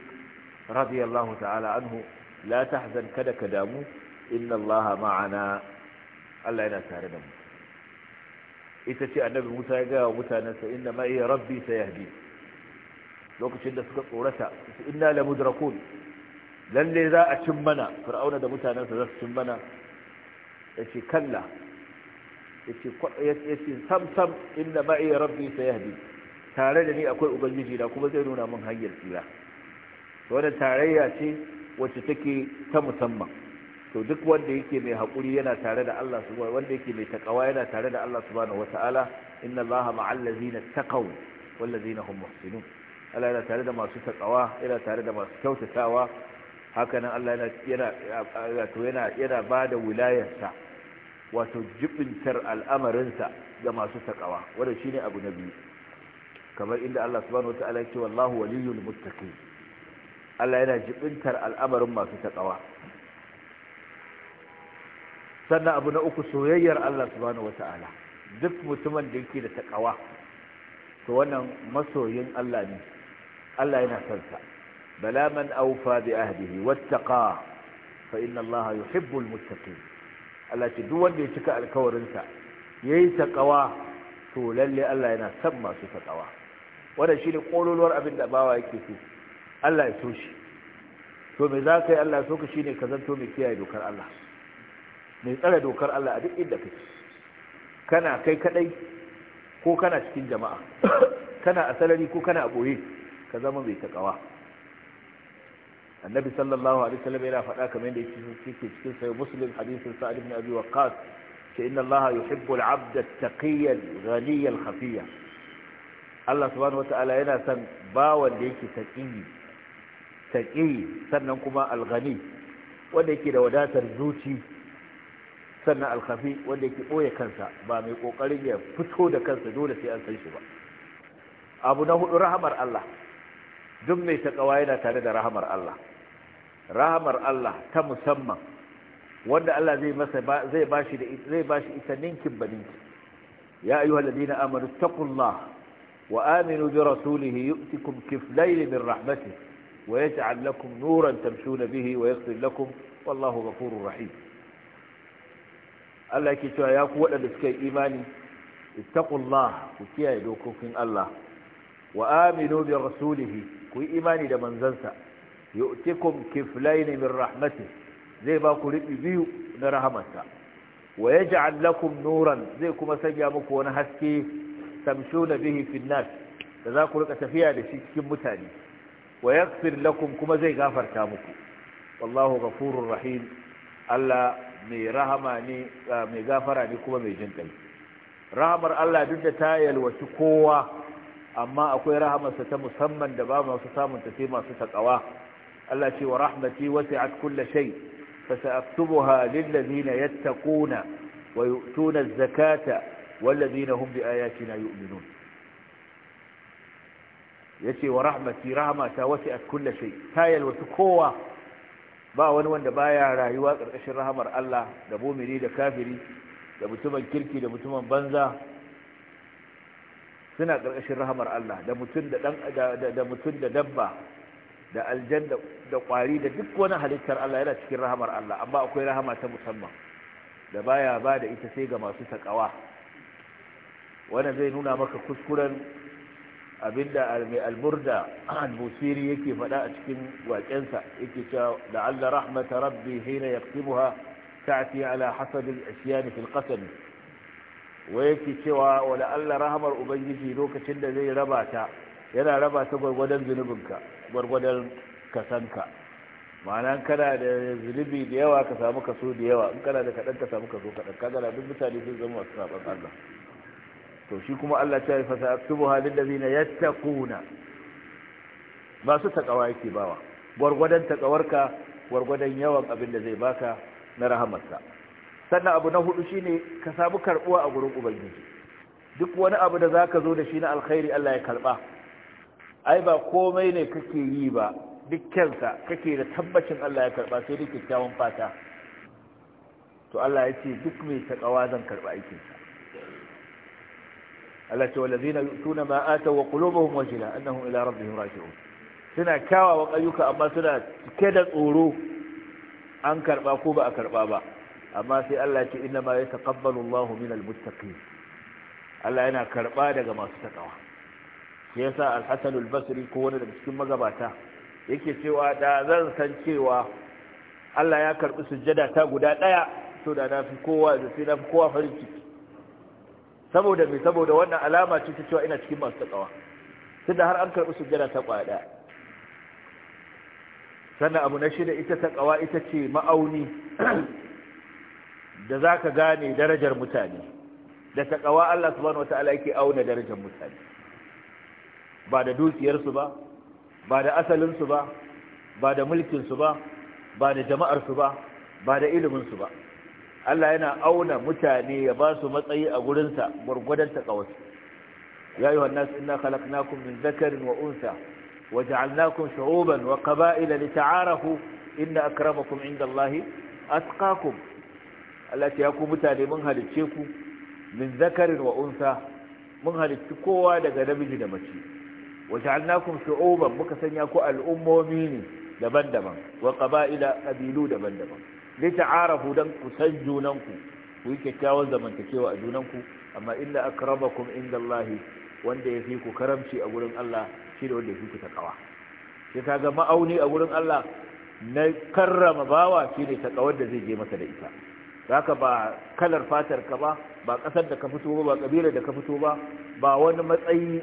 radiyallahu ta'ala anhu la tahzan kada ka damu inna allaha ma'ana Allah yana tare da mu ita ce annabi Musa ya gaya wa mutanensa inna ma iya rabbi sayahdi lokacin da suka tsorata inna la mudrakun lalle za a cin mana fir'auna da mutanensa za su cin mana yace kalla yace sam sam inna ma'i rabbi sayahdi tare da ni akwai ubangiji da kuma zai nuna min hanyar tsira wannan tarayya ce wacce take ta musamman to duk wanda yake mai haƙuri yana tare da Allah subhanahu wanda yake mai takawa yana tare da Allah subhanahu wata'ala inna Allaha ma'al ladzina taqaw wal ladzina hum muhsinun Allah yana tare da masu takawa yana tare da masu kyautatawa hakanan Allah yana yana yana yana bada wilayarsa wato jibintar al'amarinsa ga masu takawa shi ne abu na biyu kamar inda Allah subhanahu wataala yake wallahu waliyul muttaqin Allah yana jibintar al'amarin masu takawa sannan abu na uku soyayyar Allah subhanahu wataala duk mutumin da yake da takawa to wannan masoyin Allah ne Allah yana son sa bala man awfa bi ahdihi wattaqa fa inna Allah yuhibbul muttaqin Allah ce duk wanda ya cika alkawarinsa ya yi taƙawa to lalle Allah yana son masu taƙawa wannan shi ne ƙololuwar abin da bawa yake so Allah ya so shi to me za ka yi Allah so ka shi ne ka zanto mai kiyaye dokar Allah mai tsare dokar Allah a duk inda kake kana kai kadai ko kana cikin jama'a kana a salari ko kana a ɓoye ka zama mai taƙawa annabi sallallahu alaihi wasallam yana faɗa kamar da yake cikin sahih muslim hadisin sa'ad ibn abi waqqas ce inna allaha yuhibbu al-'abd at-taqiyya al-ghaniyya al-khafiyya Allah subhanahu wata'ala yana son bawan da yake taqiyi taqiyi sannan kuma al-ghani wanda yake da wadatar zuci sannan alkhafi wanda yake boye kansa ba mai ƙoƙarin ya fito da kansa dole sai an san shi ba abu na hudu rahamar Allah duk mai taƙawa yana tare da rahamar Allah rahamar Allah ta musamman wanda Allah zai masa zai bashi da zai bashi ita ninkin baninki ya ayyuhal ladina amanu taqullaha wa aminu bi rasulih yu'tikum kiflayn min rahmatih wa yaj'al lakum nuran tamshuna bihi wa yaghfir lakum wallahu ghafurur rahim Allah yake cewa ya ku wadanda suka yi imani ittaqullaha ku kiyaye dokokin Allah wa aminu bi rasulih ku yi imani da manzansa yu'tikum kiflayn min rahmati zai ba ku ribi biyu na rahamarsa wa yaj'al lakum nuran zai kuma sanya muku wani haske tamshuna bihi fi nas da za ku rika tafiya da shi cikin mutane wa yaghfir lakum kuma zai gafarta muku wallahu ghafurur rahim Allah mai rahama ne ah, mai gafara ne kuma mai jin rahamar Allah duk da ta yalwaci kowa amma akwai rahamarsa ta musamman da ba masu samun tafi sai masu takawa Allah ce wa rahmati wasi'at kulli shay fasaktubuha lil na yattaquna wa yu'tuna az-zakata wal ladina hum bi ayatina yu'minun yace wa rahmati rahmata wasi'at kulli shay tayal wa kowa ba wani wanda baya rayuwa karkashin rahamar Allah da bumiri da kafiri da mutumin kirki da mutumin banza suna ƙarƙashin rahamar Allah da mutum da mutum da dabba da aljan da ƙwari da duk wani halittar Allah yana cikin rahamar Allah amma akwai rahama ta musamman da baya ba da ita sai ga masu taƙawa wannan zai nuna maka kuskuren abinda mai alburda al yake faɗa a cikin waƙensa yake cewa la'alla rahmata rabbi hina yaqtibuha ta'ti ala hasab al-asyan qasam wa yake cewa wala Allah rahamar ubangiji lokacin da zai raba ta yana raba ta gwargwadon zunubinka gwargwadon kasanka ma'ana kana da zunubi da yawa ka samu kaso da yawa in kana da kaɗan ka samu kaso kaɗan Ka da duk mutane sun zama masu saɓan Allah to shi kuma Allah ta yi fasa aktubu halin da zina yattaquna masu takawa yake bawa gwargwadon taƙawarka, gwargwadon yawan abin da zai baka na rahamarsa sannan abu na hudu shine ka samu karbuwa a gurin ubangiji duk wani abu da za ka zo da shi na alkhairi Allah ya karba ai ba komai ne kake yi ba dukkansa kake da tabbacin Allah ya karba sai duk kyakkyawan fata to Allah ya ce duk mai takawa zan karba aikinsa Allah ce wallazina yu'tuna ma ataw wa qulubuhum wajila annahum ila rabbihim raji'un suna kyawawan ayyuka amma suna cike da tsoro an karba ko ba a karba ba amma sai Allah ce inna ma yataqabbalu Allahu minal muttaqin Allah yana karba daga masu takawa shi yasa al-Hasan al-Basri ko wanda daga cikin magabata yake cewa da zan san cewa Allah ya karbi sujjada ta guda daya to da nafi kowa da sai nafi kowa farin ciki saboda me saboda wannan alama ce ta cewa ina cikin masu takawa tunda har an karbi sujjada ta kwaya sannan abu na shida ita takawa ita ce ma'auni da za ka gane darajar mutane da taƙawa Allah subhanahu wata'ala yake auna darajar mutane ba da dukiyarsu ba ba da asalinsu ba ba da mulkinsu ba ba da jama'arsu ba ba da iliminsu ba Allah yana auna mutane ya ba su matsayi a gurinsa gwargwadon taƙawarsu ya yi wannan ina halaknakun min zakarin wa unsa wa ja'alnakun shu'uban wa qaba'ila li ta'arafu inna akramakum inda Allah atqakum Allah ya ku mutane mun halicce ku min zakarin wa unsa mun halicci kowa daga namiji da mace wa ja'alnakum shu'uban muka sanya ku al'ummomi ne daban-daban wa qaba'ila qabilu daban-daban li ta'arafu dan ku san junan ku ku yi kyakkyawan zamantakewa a junan ku amma inna akrabakum indallahi wanda yafi ku karamci a gurin Allah shi da wanda fi ku takawa sai ga ma'auni a gurin Allah na karrama bawa shine takawar da zai je masa da ita haka ba kalar fatar ka ba ba kasar da ka fito ba ba kabilar da ka fito ba ba wani matsayi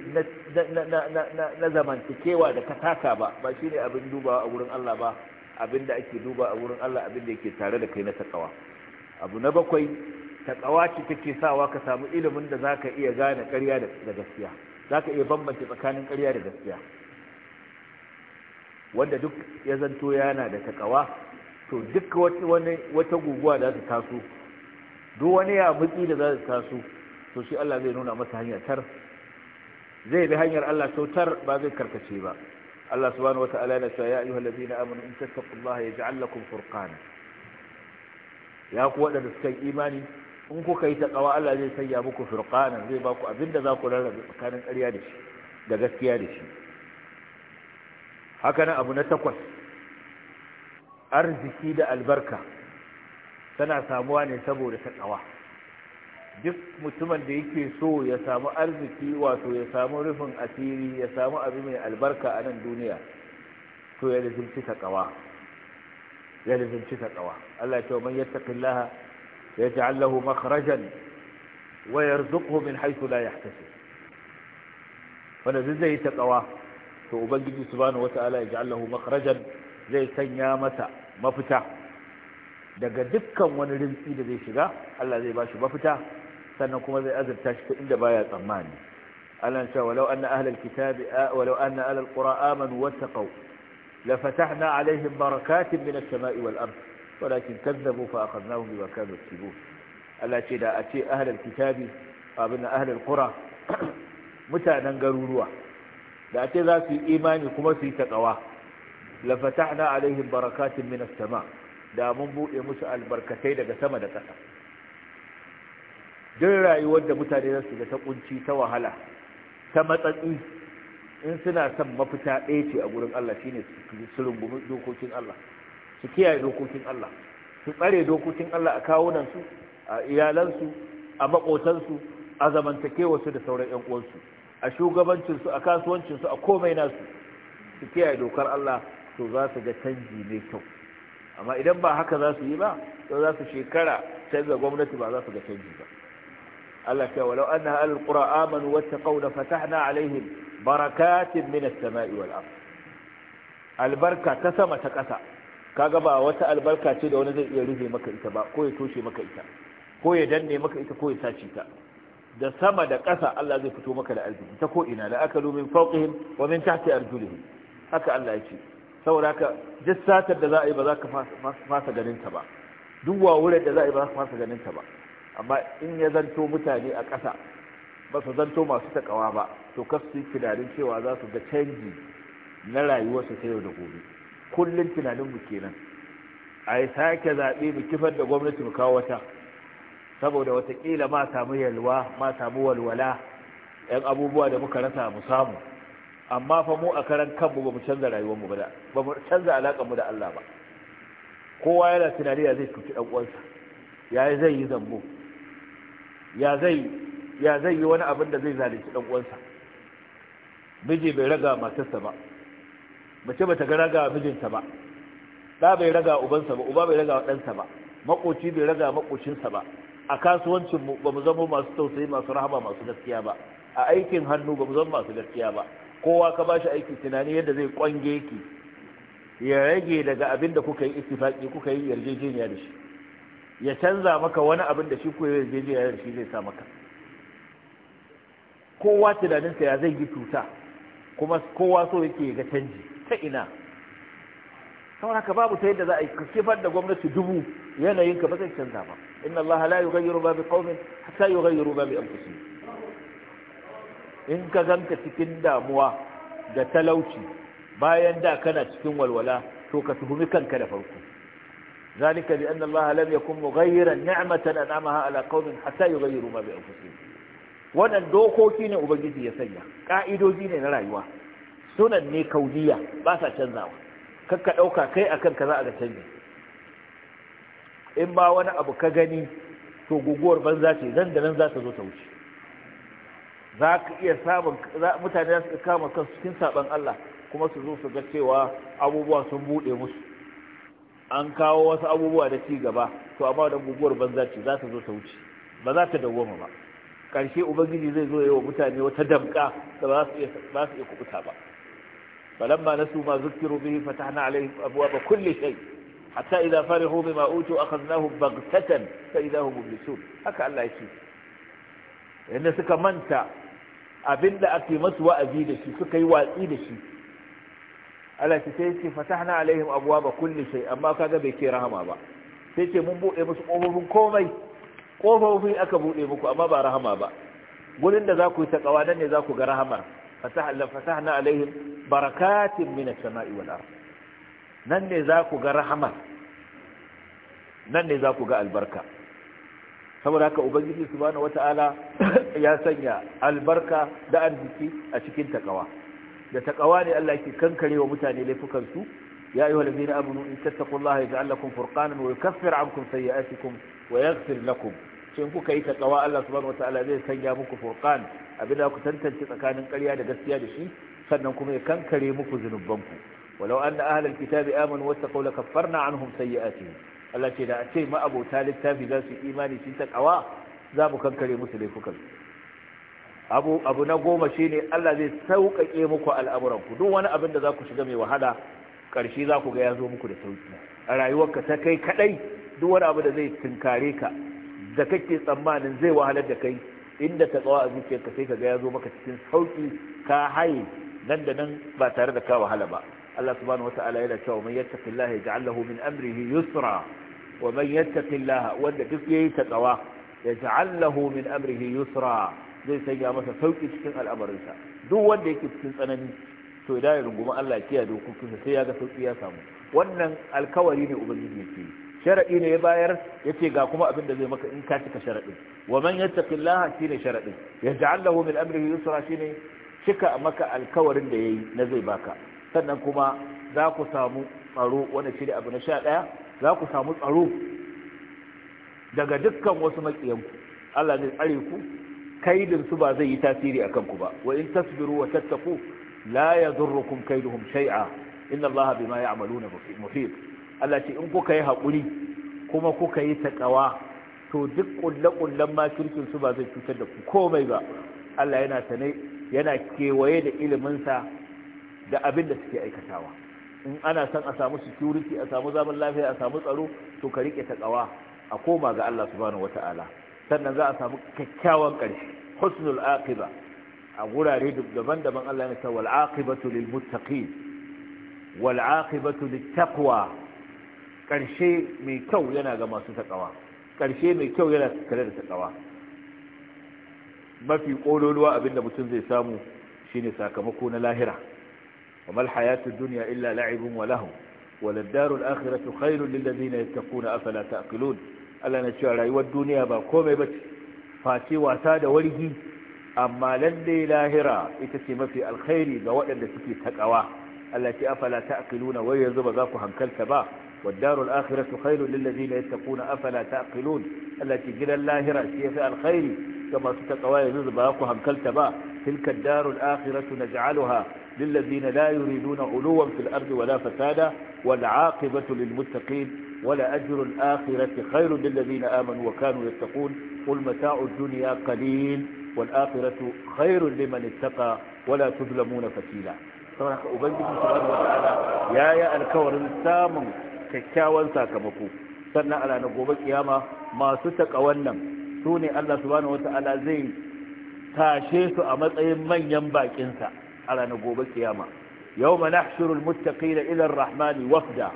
na zamantakewa da ka taka ba ba shine abin duba a wurin Allah ba abin da ake duba a wurin Allah abin da yake tare da kai na takawa abu na bakwai takawa ce take sawa ka samu ilimin da zaka iya gane ƙarya da gaskiya zaka iya bambance tsakanin ƙarya da gaskiya wanda duk ya zanto yana da takawa to duk wata guguwa da za ta taso duk wani ya mutsi da za ta taso to shi Allah zai nuna masa hanyar tar zai bi hanyar Allah sautar ba zai karkace ba Allah subhanahu wata'ala yana cewa ya ayyuhal ladina amanu in tattaqullaha yaj'al lakum furqana ya ku wadanda suka yi imani in kuka yi ƙawa, Allah zai sanya muku furqana zai ba ku abinda za ku rarrabe tsakanin ƙarya da shi da gaskiya da shi haka nan abu na takwas arziki da albarka tana samuwa ne saboda taƙawa duk mutumin da yake so ya samu arziki wato ya samu rufin asiri ya samu abu mai albarka a nan duniya to ya lizimci taƙawa ya lizimci taƙawa Allah ce wa man yattaqillaha yaj'al lahu makhrajan wa yarzuqhu min haythu la yahtasib wanda zai yi taƙawa to ubangiji su bani subhanahu wata'ala yaj'al lahu makarajan. zai sanya masa mafita daga dukkan wani rinsi da zai shiga Allah zai bashi mafita sannan kuma zai azurta shi ta inda baya tsammani Allah ya walau anna ahlal kitabi walau anna ahlal qura amanu wattaqu la fatahna alaihim barakatin min as-sama'i wal ard walakin kadzabu fa akhadnahum bima kanu yaksibun Allah ce da a ce ahlal kitabi abin ahlal qura mutanen garuruwa da a ce za su yi imani kuma su yi taqwa lafatahna alaihim barakatin minas sama da mun buɗe musu albarkatai daga sama da ƙasa duk rayuwar da mutane za su ta kunci ta wahala ta matsatsi in suna son mafita ɗaya ce a gurin Allah shine su rungumi dokokin Allah su kiyaye dokokin Allah su tsare dokokin Allah a kawunansu a iyalansu a maƙotansu a zamantakewarsu da sauran 'yan uwansu a shugabancinsu a kasuwancinsu a komai nasu su kiyaye dokar Allah to za su ga canji mai kyau amma idan ba haka za su yi ba to za su shekara canza gwamnati ba za su ga canji ba Allah ya walau anna ahlul qura amanu wattaqaw la fatahna alaihim barakatin minas samai wal ard albarka ta sama ta kasa kaga ba wata albarka ce da wani zai iya rufe maka ita ba ko ya toshe maka ita ko ya danne maka ita ko ya sace ta da sama da ƙasa Allah zai fito maka da arziki ta ko ina la akalu min fawqihim wa min tahti arjulihim haka Allah ya ce saboda ka duk satar da za a yi ba za ka fasa ganin ba duk wawurar da za a yi ba za ka fasa ganin ba amma in ya zanto mutane a ƙasa ba su zanto masu takawa ba to ka su yi tunanin cewa za su ga canji na rayuwarsu ta yau da gobe kullum tunanin mu kenan a yi sake zaɓe mu kifar da gwamnati mu kawo wata saboda watakila ma samu yalwa ma samu walwala 'yan abubuwa da muka rasa mu samu amma fa mu a karan kanmu ba mu canza rayuwar mu ba ba mu canza alaƙar mu da Allah ba kowa yana tunani ya zai cuci dan uwansa ya zai yi zambo ya zai ya zai yi wani abin da zai zalunci dan uwansa miji bai raga matarsa ba mace bata ga raga mijinta ba da bai raga ubansa ba uba bai raga ɗansa ba makoci bai raga makocinsa ba a kasuwancin mu ba mu zama masu tausayi masu rahama masu gaskiya ba a aikin hannu ba mu zama masu gaskiya ba kowa ka ba shi aiki tunani yadda zai kwange ki ya rage daga abin da kuka yi istifaki kuka yi yarjejeniya da shi ya canza maka wani abin da shi ko yarjejeniya da shi zai sa maka kowa tunaninsa ya zai yi cuta kuma kowa so yake ga canji ta ina saboda haka babu ta yadda za a yi kifar da gwamnati dubu yanayin ka ba zai canza ba inna allaha la yughayyiru ma qaumin hatta yughayyiru ma bi anfusihim in ka ganka cikin damuwa da talauci bayan da kana cikin walwala to ka tuhumi kanka da farko zalika bi anna allaha lam yakun mughayyiran ni'matan an'amaha ala qaumin hatta yughayyiru ma bi anfusihim wannan dokoki ne ubangiji ya sanya ka'idoji ne na rayuwa sunan ne kauniya ba sa canzawa kakka dauka kai akan ka za a ga canji in ba wani abu ka gani to guguwar banza ce zan da nan za ta zo ta wuce za ka iya samun mutane za su kama kan cikin saɓan Allah kuma su zo su ga cewa abubuwa sun buɗe musu an kawo wasu abubuwa da ci gaba to amma da guguwar banza ce za ta zo ta wuce ba za ta dawoma ba ƙarshe ubangiji zai zo yawa mutane wata damƙa da ba su iya kubuta ba falamma nasu ma zukiru bihi fatahna abuwa ba kulli shay hatta idza farihu bima utu akhadnahum baghtatan fa idza hum mublisun haka Allah yake yanda suka manta Abin da ake masu wa'azi da shi suka yi watsi da shi Allah ce sai ce fatahna alaihim ba kulli shay amma kaga bai ke rahama ba sai ce mun buɗe musu kofofin komai kofofin aka buɗe muku amma ba rahama ba gurin da za ku yi takawa nan ne za ku ga rahamar fatahna alaihim barakatin mina sama'i wal nan ne za ku ga rahamar nan ne za ku ga albarka saboda haka ubangiji subhanahu wata'ala [coughs] ya sanya albarka da arziki a cikin takawa da takawa ne Allah yake kankare wa mutane laifukan su ya ayyuha allazina amanu in tattaqullaha yaj'al lakum furqanan wa yukaffir ankum sayyi'atikum wa yaghfir lakum shin kuka yi takawa Allah subhanahu wata'ala zai sanya muku furqan abinda ku tantance tsakanin ƙarya da gaskiya da shi sannan kuma ya kankare muku zunubanku walau anna ahlal kitabi amanu wattaqaw lakaffarna anhum sayyi'atihim Allah ce da a ce ma'abota littafi za su yi imani ta kawa za mu kankare musu laifukan abu abu na goma shine Allah zai sauƙaƙe muku al'amuran ku duk wani abin da za ku shiga mai wahala ƙarshe za ku ga ya zo muku da sauƙi a rayuwarka ta kai kaɗai duk wani abu da zai tunkare ka da kake tsammanin zai wahalar da kai inda ta tsawa a zuciyarka sai ka ga ya zo maka cikin sauƙi ka haye nan da nan ba tare da ka wahala ba Allah subhanahu wata'ala yana cewa wanda duk yayi ta yaj'al lahu min zai sanya masa sauki cikin al'amarinsa duk wanda yake cikin tsanani to idan ya runguma Allah ya kiyaye dokokinsa sai ya ga sauki ya samu wannan alkawari ne ubangiji yake yi sharaɗi ne ya bayar ya ce ga kuma abin da zai maka in ka cika sharaɗin wa man yattaqillaha shine sharaɗin yaj'al lahu min amrihi yusra shine cika maka alkawarin da yayi na zai baka sannan kuma za ku samu tsaro wanda shi abu na sha ɗaya za ku samu tsaro daga dukkan wasu maƙiyanku Allah ne tsare ku kaidin su ba zai yi tasiri a kanku ba wa in tasbiru wa tattaku la yadurrukum kaiduhum shay'a inna Allaha bima ya'maluna muhit Allah ce in kuka yi haƙuri kuma kuka yi taƙawa to duk ƙulle ma makirkin su ba zai cutar da ku komai ba Allah yana sane yana kewaye da iliminsa da abin da suke aikatawa in ana son a samu security a samu zaman lafiya a samu tsaro to ka rike takawa a koma ga Allah subhanahu wata'ala sannan za a samu kyakkyawan ƙarshe husnul aqiba a gurare daban-daban Allah ya ce wal aqibatu lil muttaqin wal aqibatu lit taqwa ƙarshe mai kyau yana ga masu takawa ƙarshe mai kyau yana tare da takawa mafi ƙololuwa abinda mutum zai samu shine sakamako na lahira وما الحياة الدنيا إلا لعب وله وللدار الآخرة خير للذين يتقون أفلا تأقلون ألا نشعر أيوة الدنيا باقوم بك فاتي واساد وليه أما لدي لاهرة إتسم في الخير قوأ لسكي تكواه التي أفلا تأقلون ويزب ذاكو هنكل سباه والدار الآخرة خير للذين يتقون أفلا تأقلون التي جل اللاهرة سيفاء الخير كما ستقوى يزب ذاكو هنكل كالتبا تلك الدار الآخرة نجعلها للذين لا يريدون علوا في الأرض ولا فسادا والعاقبة للمتقين ولأجر الآخرة خير للذين آمنوا وكانوا يتقون قل الدنيا قليل والآخرة خير لمن اتقى ولا تظلمون فتيلا saboda ubangiji subhanahu wataala ya yi alkawarin samun kyakkyawan sakamako sannan a gobe kiyama masu taka wannan su ne Allah subhanahu wataala zai tashe su a matsayin manyan baƙinsa. a ranar gobe kiyama yau mana nahshurul muttaqina ila ar-rahmani wafda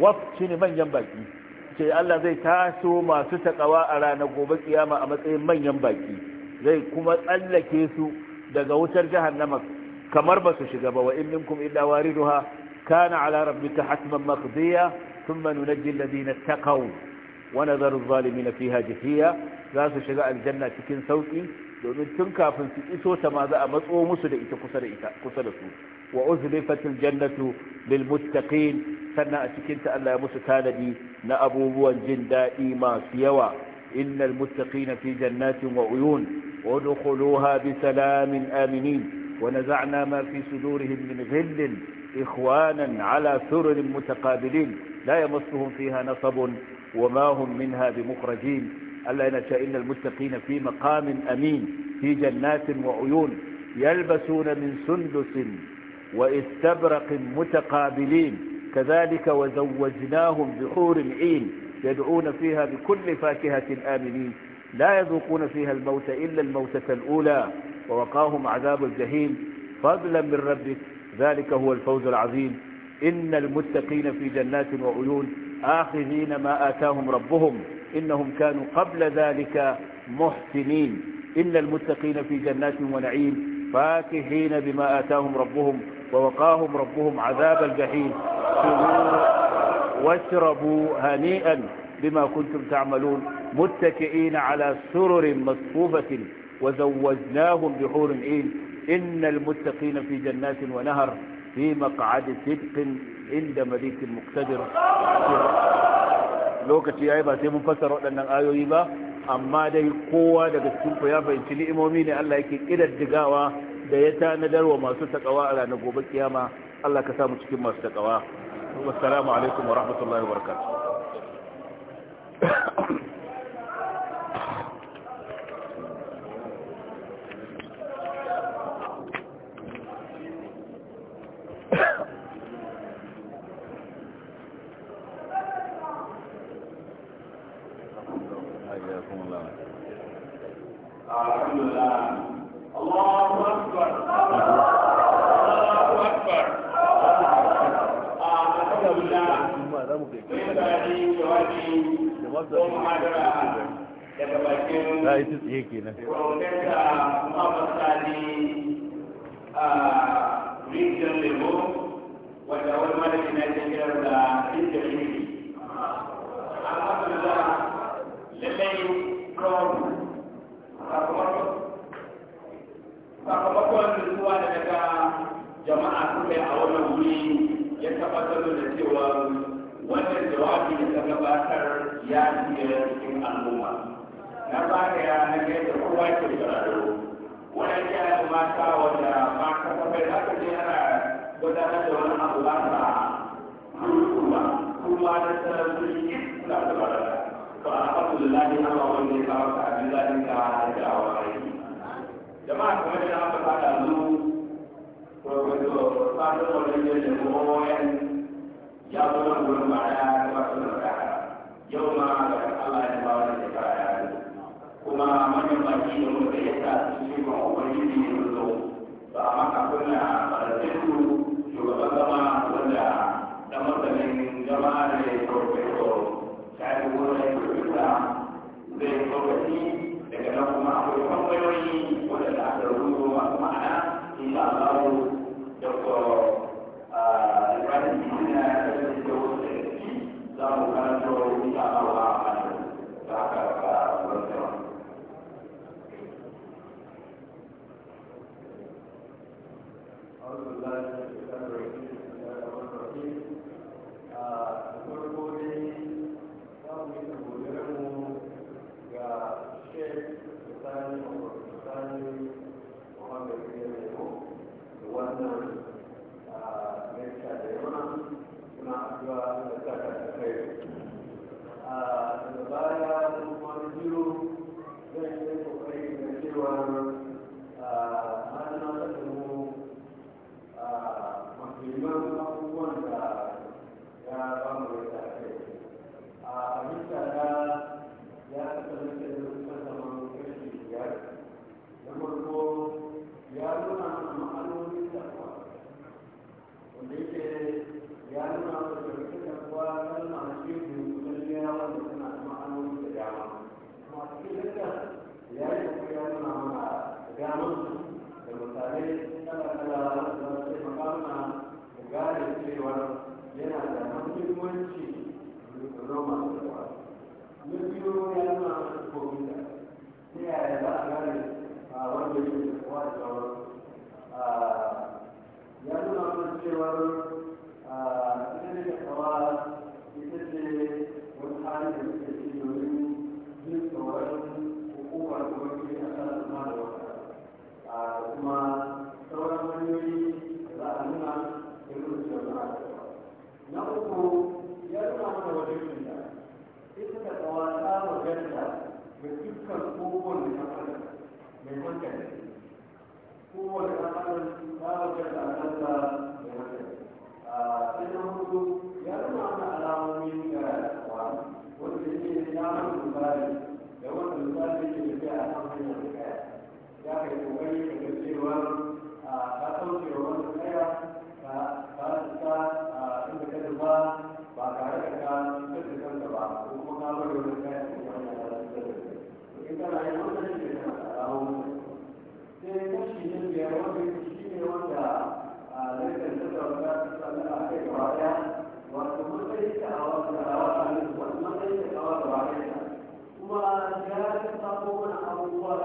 waf shine manyan baki ce Allah zai taso masu taƙawa a ranar gobe kiyama a matsayin manyan baƙi. zai kuma tsallake su daga wutar jahannama kamar ba su shiga ba wa in minkum illa wariduha kana ala rabbika hatman maqdiya thumma nunajji alladhina taqaw wa nadharu adh-dhalimina fiha jafiya za su shiga aljanna cikin sauki domin tun kafin su iso ta ma za a matso musu da ita kusa da ita kusa da su wa uzlifatil jannatu lil muttaqin sannan a cikin ta Allah ya musu tanadi na abubuwan jin dadi masu yawa innal muttaqina fi jannatin wa uyun wa dukhuluha bi salamin aminin wa naza'na ma fi sudurihim min ghillin ikhwanan ala sururin mutaqabilin la yamassuhum fiha nasabun ma hum minha bimukhrajin ألا نشاء إن المتقين في مقام أمين في جنات وعيون يلبسون من سندس واستبرق متقابلين كذلك وزوجناهم بحور العين يدعون فيها بكل فاكهة آمنين لا يذوقون فيها الموت إلا الموتة الأولى ووقاهم عذاب الجحيم فضلا من ربك ذلك هو الفوز العظيم إن المتقين في جنات وعيون آخذين ما آتاهم ربهم إنهم كانوا قبل ذلك محسنين إن المتقين في جنات ونعيم فاكهين بما آتاهم ربهم ووقاهم ربهم عذاب الجحيم واشربوا هنيئا بما كنتم تعملون متكئين على سرر مصفوفة وزوجناهم بحور عين إن المتقين في جنات ونهر في مقعد صدق عند مليك مقتدر lokaci yayi ba sai mun fassara waɗannan ayoyi ba amma dai kowa daga cikin ku ya fahimci ni'imomi ne Allah yake kidaddigawa da ya tanadar wa masu takawa a ranar gobe kiyama Allah ka samu cikin masu takawa assalamu alaikum wa rahmatullahi wa barakatuh al'umma na ba da yanar yadda kowa ke tsararo wani yaran mata wanda ba ana gudanar da wani abu ba kuma kuma da yi suna da barata to alhamdulillah wanda ya kawo abin ka da jama'a da aka zu da gurin ya da yau ma ga Akuma da baya kuma baki da muka yi zama wanda ah, da masanin jama'a da ya profeso shafi wurin kuma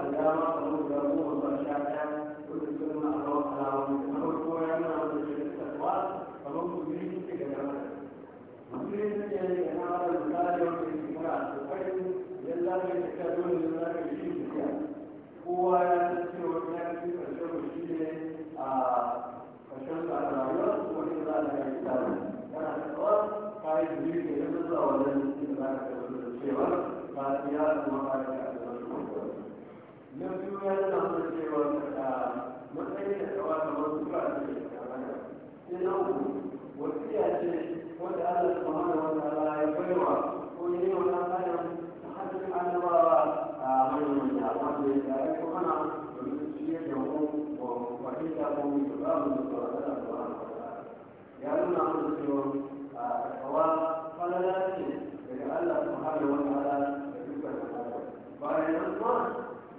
da a wani na ya nuna wani da shi karɓa kamar ku biyu suke a tsofaffin yalla mai tafiya dole ne ka a a a ka tafi don su da kawa da wasu a ce da mana sai na ko a manyan da wanda yi ko ko daga Allah subhanahu da dukkan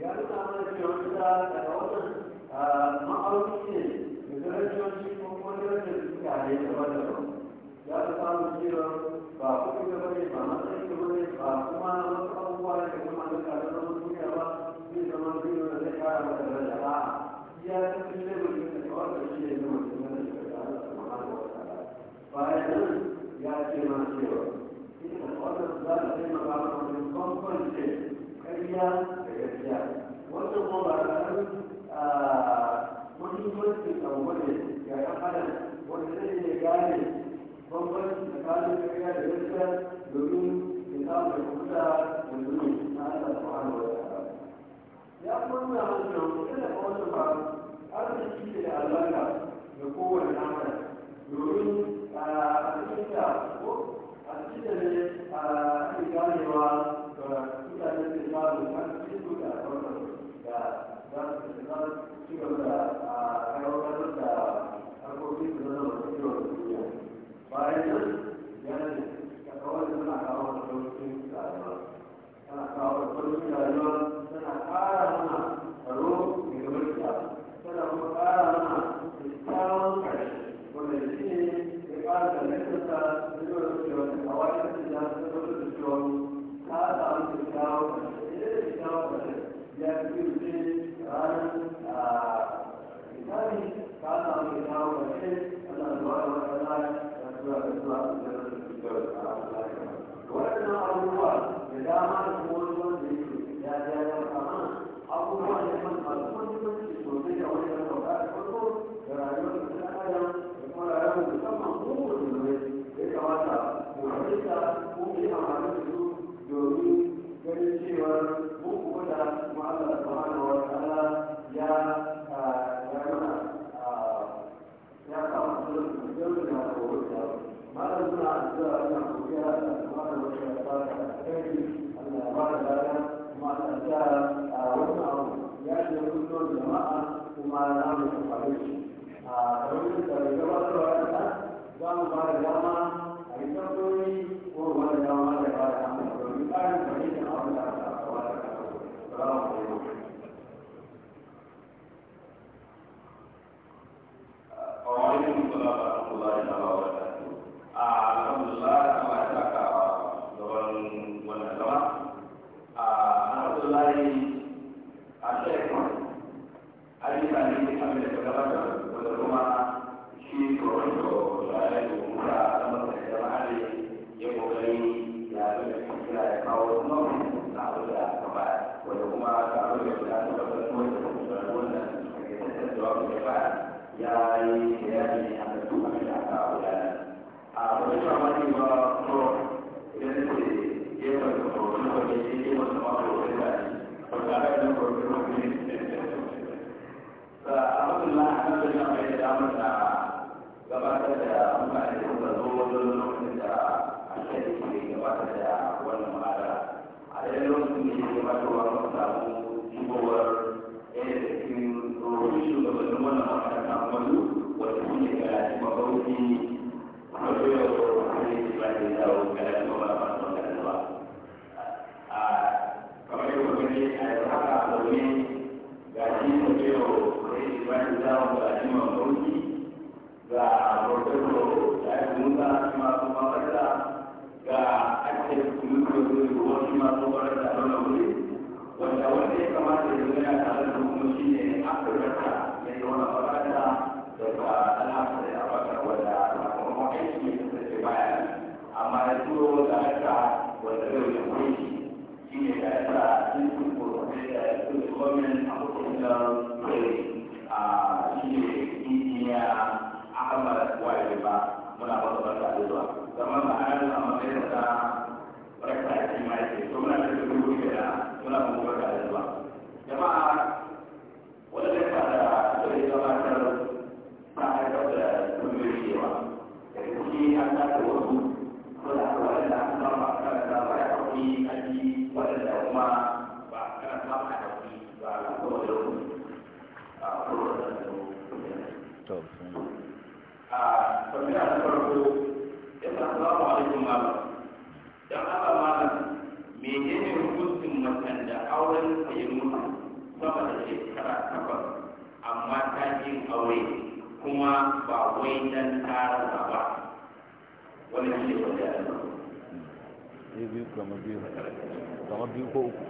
ya nuna mana cewa kusa daga wannan ma'auni ne da darajoji ko kuma ba da bane ba matsayi da bane ba kuma kuma ya ta fi ne mutum ne zama gaskiya wannan kuma ba san ah, muhimmancin abu ne ga ɗan adam wanda zai iya gane bambanci tsakanin gaskiya da gaskiya domin ya samu da kuta da zuri na Allah subhanahu wa ta'ala ya kuma nuna mana yana da wannan ba arziki da albarka da kowane ɗan adam domin ah, a cikin da ko a cikin da ne a ah, cikin ganewa mutane da samu kan cikin da kawai da za su ke samu cikin da a aiwatar da harkokin da zama da cikin da duniya bayan nan yanayi da kawai suna kawo da sauƙin rayuwa tana kawo da da rayuwa tana ƙara mana waɗannan abubuwa da dama da kuma abubuwa da wannan abu ya shi da jama'a kuma na mu amfani shi a kamar da gabatarwa ya ta za mu ba da dama a yi tambayoyi ko ba da dama da ba da amfani domin ƙarin fahimtar abin da aka kawo da kawo. Salamu alaikum. وعليكم السلام ورحمة الله وبركاته. الحمد لله ayyuka ne da kan da gabata wanda kuma shi toronto da alaƙa kuma a zama yi yi yi ga abin da na da da damar da da mutane da suka zo da ake da da a daidai da da wani za mu ga imam bauchi ga bordeaux da ya musa masu makarta ga ake mutu da zai ruwa shi masu makarta a wannan wuri wanda wanda ya kamata ya zama ya da kuma shi ne afirka mai yawan makarta daga alhassan ya baka wanda sakamakon aiki ne da ke baya amma ya turo da aka wanda zai wuce kuma ba wai dan tara ba wani shi biyu kama biyu kama biyu ko uku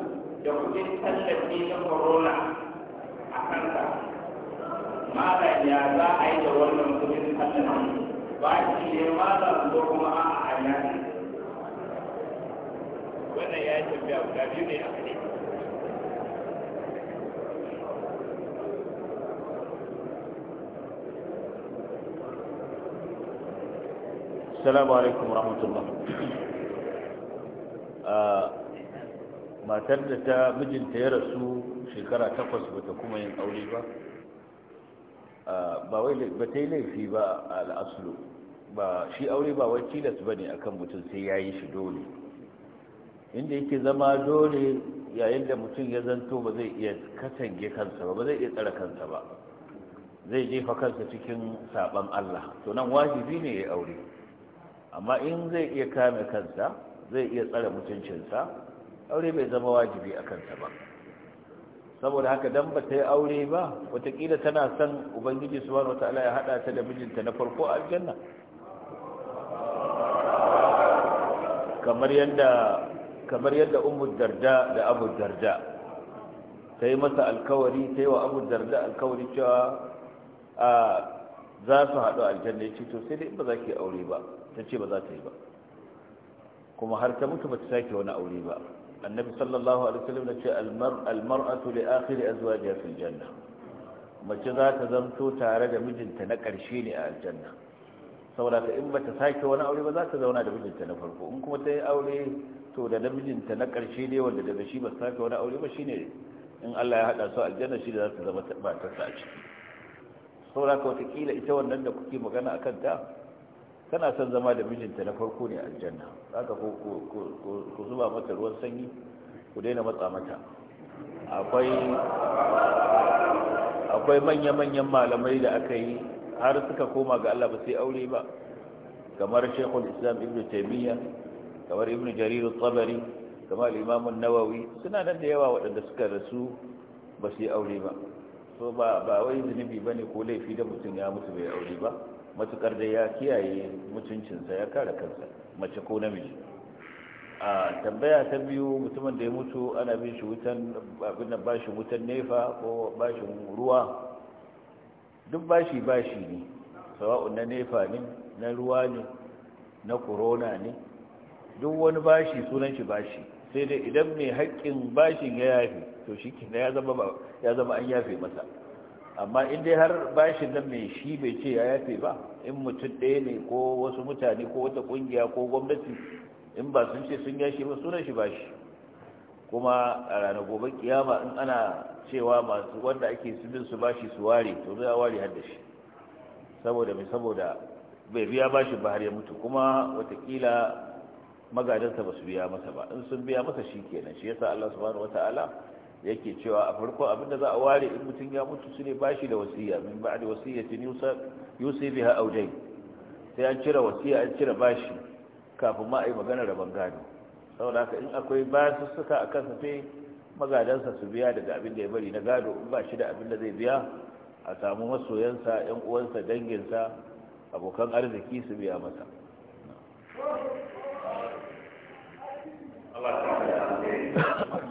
da kudin tallafi na corona a kansa malam ya za a yi da wannan kudin tallafi ba shi ne malam ko kuma a a yaƙi wannan ya yi tambaya guda biyu ne a kai السلام عليكم ورحمة الله matar da ta mijinta ya rasu shekara takwas bata kuma yin aure ba ba wai ba ta yi laifi ba al'aslu ba shi aure ba wai tilas ba ne akan mutum sai ya yi shi dole inda yake zama dole yayin da mutum ya zanto ba zai iya katange kansa ba ba zai iya tsara kansa ba zai jefa kansa cikin saɓan Allah to nan wajibi ne ya aure amma in zai iya kame kansa zai iya tsara mutuncinsa aure bai zama wajibi a kansa ba saboda haka dan ba ta yi aure ba watakila tana son ubangiji subhanahu wataala ya hada ta da mijinta na farko a aljanna kamar yadda umar darda da abu darda ta yi masa alkawari ta yi wa abu darda alkawari cewa a za su haɗu aljanna ya ce to sai dai ba za ki aure ba ta ce ba za ta yi ba kuma har ta mutu ba ta sake wani aure ba annabi sallallahu alaihi wasallam ya ce almar'atu li akhiri azwajiha fil janna mace za ta zanto tare da mijinta na ƙarshe ne a aljanna saboda ka in bata sake wani aure ba za ta zauna da mijinta na farko in kuma ta yi aure to da namijinta na ƙarshe ne wanda daga shi ba su sake wani aure ba shine in Allah ya haɗa su aljanna shi da za ta zama matarsa a ciki saboda ka wataƙila ita wannan da kuke magana a kanta tana son zama da mijinta na farko ne a aljanna haka ku zuba mata ruwan sanyi ku daina matsa mata akwai akwai manya-manyan malamai da aka yi har suka koma ga Allah ba sai aure ba kamar Sheikhul Islam Ibn Taymiyyah kamar Ibn Jarir al-Tabari kamar Imam nawawi suna nan da yawa waɗanda suka rasu ba sai aure ba so ba ba wai zunubi bane ko laifi da mutum ya mutu bai aure ba matukar da ya kiyaye mutuncinsa ya kare kansa mace ko namiji a tambaya ta biyu mutumin da ya mutu ana bin shi wutan abinda ba shi wutan nefa ko ba shi ruwa duk bashi bashi ne sawa'un na nefa ne na ruwa ne na korona ne duk wani bashi sunan shi bashi sai dai idan mai haƙƙin bashin ya yafe to shi ya zama an yafe masa amma in dai har bashin nan mai shi bai ce ya yafe ba in mutum ɗaya ne ko wasu mutane ko wata ƙungiya ko gwamnati in ba sun ce sun yashi ba sunan shi bashi kuma a ranar gobe kiyama in ana cewa masu wanda ake sunan su bashi su ware to zai ware har da shi saboda mai saboda bai biya bashi ba har ya mutu kuma watakila magadansa ba su biya masa ba in sun biya masa shi kenan shi yasa Allah subhanahu wataala yake cewa a farko abinda za a ware in mutum ya mutu su ne bashi da wasiya min ba da wasiya ta yusi biha aujai sai an cire wasiya an cire bashi kafin ma a yi magana rabon gado saboda haka in akwai basu suka a kansa sai magadansa su biya daga abin da ya bari na gado in ba shi da abin da zai biya a samu masoyansa yan uwansa danginsa abokan arziki su biya masa Allah [laughs]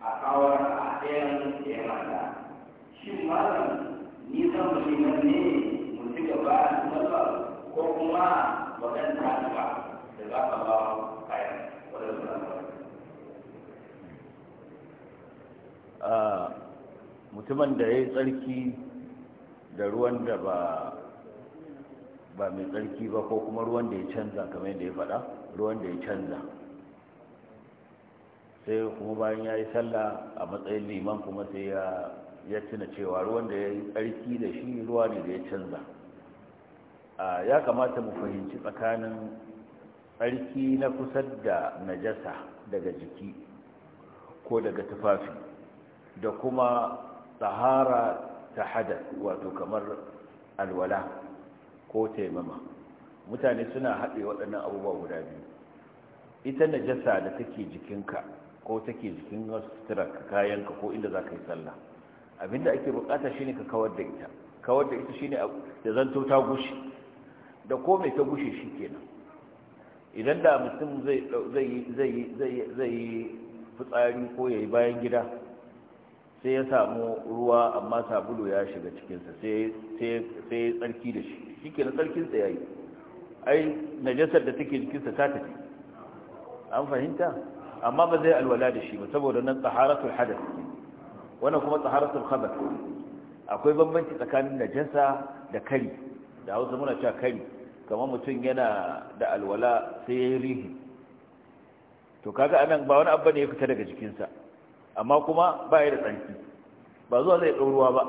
a kawar a ɗayan ya mata shin malam ni san musulman ne mu ci gaba da ko kuma waɗanda ta ba da za ka ba kayan waɗanda ba mutumin da ya yi tsarki da ruwan da ba ba mai tsarki ba ko kuma ruwan da ya canza kamar yadda ya faɗa ruwan da ya canza sai kuma bayan ya yi sallah a matsayin liman kuma sai ya tuna cewa ruwan da ya yi tsarki da shi ruwa ne da ya canza ya kamata mu fahimci tsakanin tsarki na kusa da najasa daga jiki ko daga tufafi da kuma tsahara ta hadas wato kamar alwala ko taimama mutane suna haɗe waɗannan abubuwa guda biyu ita najasa da take jikinka ko take jikin wasu sutura ka kayanka ko inda za ka yi sallah abinda ake bukata shine ka kawar da ita kawar da ita shine da zanto ta gushe da ko mai ta gushe shi kenan idan da mutum zai yi fitsari ko ya yi bayan gida sai ya samu ruwa amma sabulu ya shiga cikinsa sai ya tsarki da shi shi kenan tsarkinsa ya yi ai najasar da take jikinsa ta tafi an fahimta amma ba zai alwala da shi ba saboda nan taharatul hadath wannan kuma taharatul khabath akwai bambanci tsakanin najasa da kari da Hausa muna cewa kari kamar mutum yana da alwala sai ya rihi to kaga anan ba wani abu ne ya fita daga jikinsa amma kuma ba ya da tsarki ba zuwa zai dauruwa ba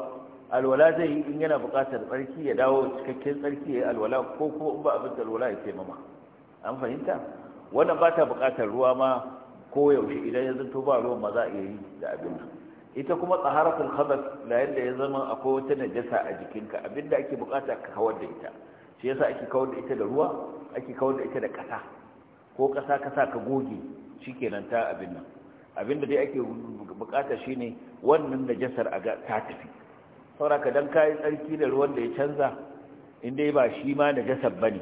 alwala zai yi in yana buƙatar tsarki ya dawo cikakken tsarki ya alwala ko kuma in ba abin da alwala ya taimama an fahimta wannan ba ta buƙatar ruwa ma ko yaushe idan ya zanto ba ruwan ma za a yi da abin nan ita kuma tsaharatul khabas na yadda ya zama akwai wata najasa a jikinka abinda ake bukata ka kawar da ita shi yasa ake kawar da ita da ruwa ake kawar da ita da kasa ko kasa kasa ka goge shikenan ta abin nan abinda dai ake bukata shine wannan najasar a ga ta tafi ka dan kayi tsarki da ruwan da ya canza in dai ba shi ma najasar bane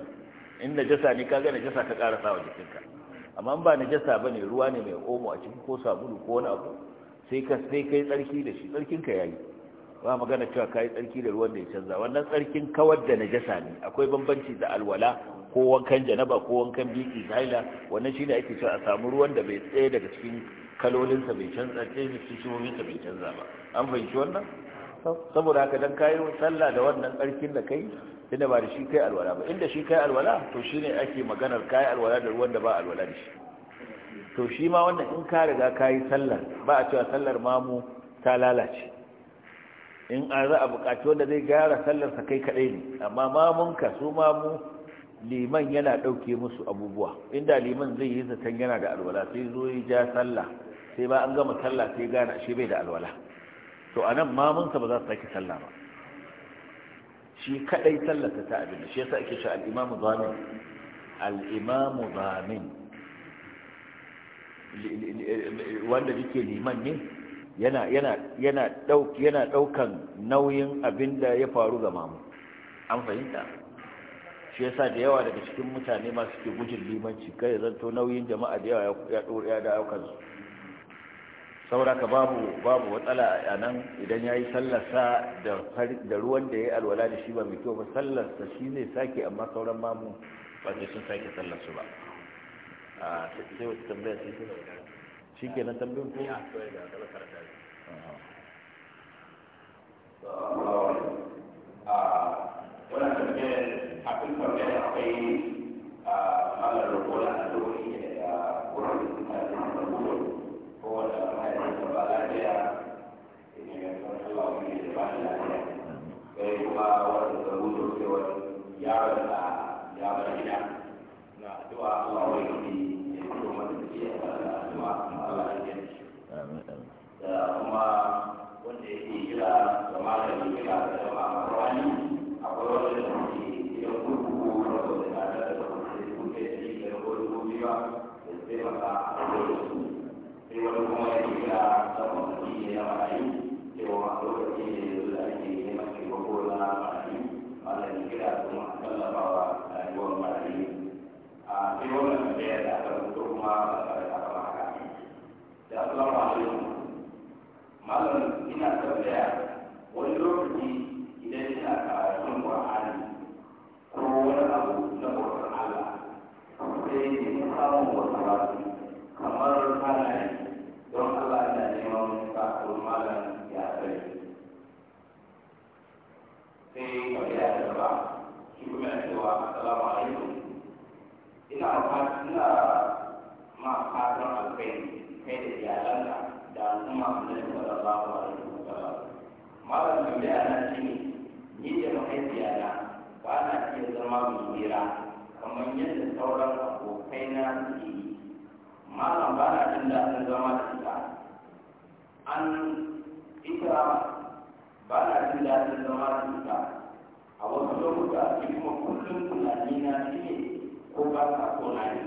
in najasa ne kaga najasa ka karasa wa jikinka amma ba najasa bane ruwa ne mai omo a cikin ko sabulu ko wani abu sai ka sai kai tsarki da shi tsarkin ka yayi ba magana cewa kai tsarki da ruwan da ya canza wannan tsarkin kawar da najasa ne akwai bambanci da alwala ko wankan janaba ko wankan biki zaila wannan shine ake cewa a samu ruwan da bai tsaye daga cikin kalolinsa bai canza tsaye da cikin bai canza ba an fahimci wannan saboda haka don kayi sallah da wannan tsarkin da kai inda ba da shi kai alwala ba inda shi kai alwala to shi ne ake maganar kayi alwala da ruwan da ba alwala da shi to shi ma wannan in ka riga kayi sallar ba a cewa sallar mamu ta lalace in an za a buƙaci wanda zai gyara sallar sa kai kaɗai ne amma mamunka su mamu liman yana ɗauke musu abubuwa inda liman zai yi zaton yana da alwala sai zo ya ja sallah sai ba an gama sallah sai gana shi bai da alwala to a nan mamunsa ba za su sake sallah ba shi kadai sallata ta abin da shi yasa ake al-imamu zamin al-imamu zamin wanda yake liman ne yana yana yana dauki yana daukan nauyin abin da ya faru ga mamu an fahimta shi yasa da yawa daga cikin mutane masu ke gujin limanci kai zanto nauyin jama'a da yawa ya dauka ya saboda ka babu babu watsala a nan idan ya yi sallarsa da ruwan da ya yi alwala da shi ba mai kyau ba sallarsa shi ne sake amma sauran mamu ba sai sun sake sallarsu ba a sai wata tambaya sai sun shi ke na tambayin ko wannan tambayar akwai tambayar akwai malar rukola a lokacin da wurin da kowane mahaifin da ba lafiya ne mai son Allah wani da ba da kuma wanda da ya bar ya da a ya da mutum sai wannan tambayar da aka rubuto kuma ba tare da aka maka da assalamu alaikum malam ina tambaya wani lokaci idan ina karatun qur'ani ko wani abu na bautar Allah sai ne samun wata wasu kamar ana yi don Allah ina neman sakon malam ya sai sai kwaya da ba shi kuma a assalamu alaikum ina ina ma fatan alkai kai da iyalanka da al'umma annabi sallallahu alaihi wasallam malam tambaya na shine ni da mahaifiyana ba na iya zama mai hira kamar yadda sauran abokaina suke yi malam ba na jin daɗin an ba na jin zama da ita a wasu lokuta kuma kullum ko ba ka tunani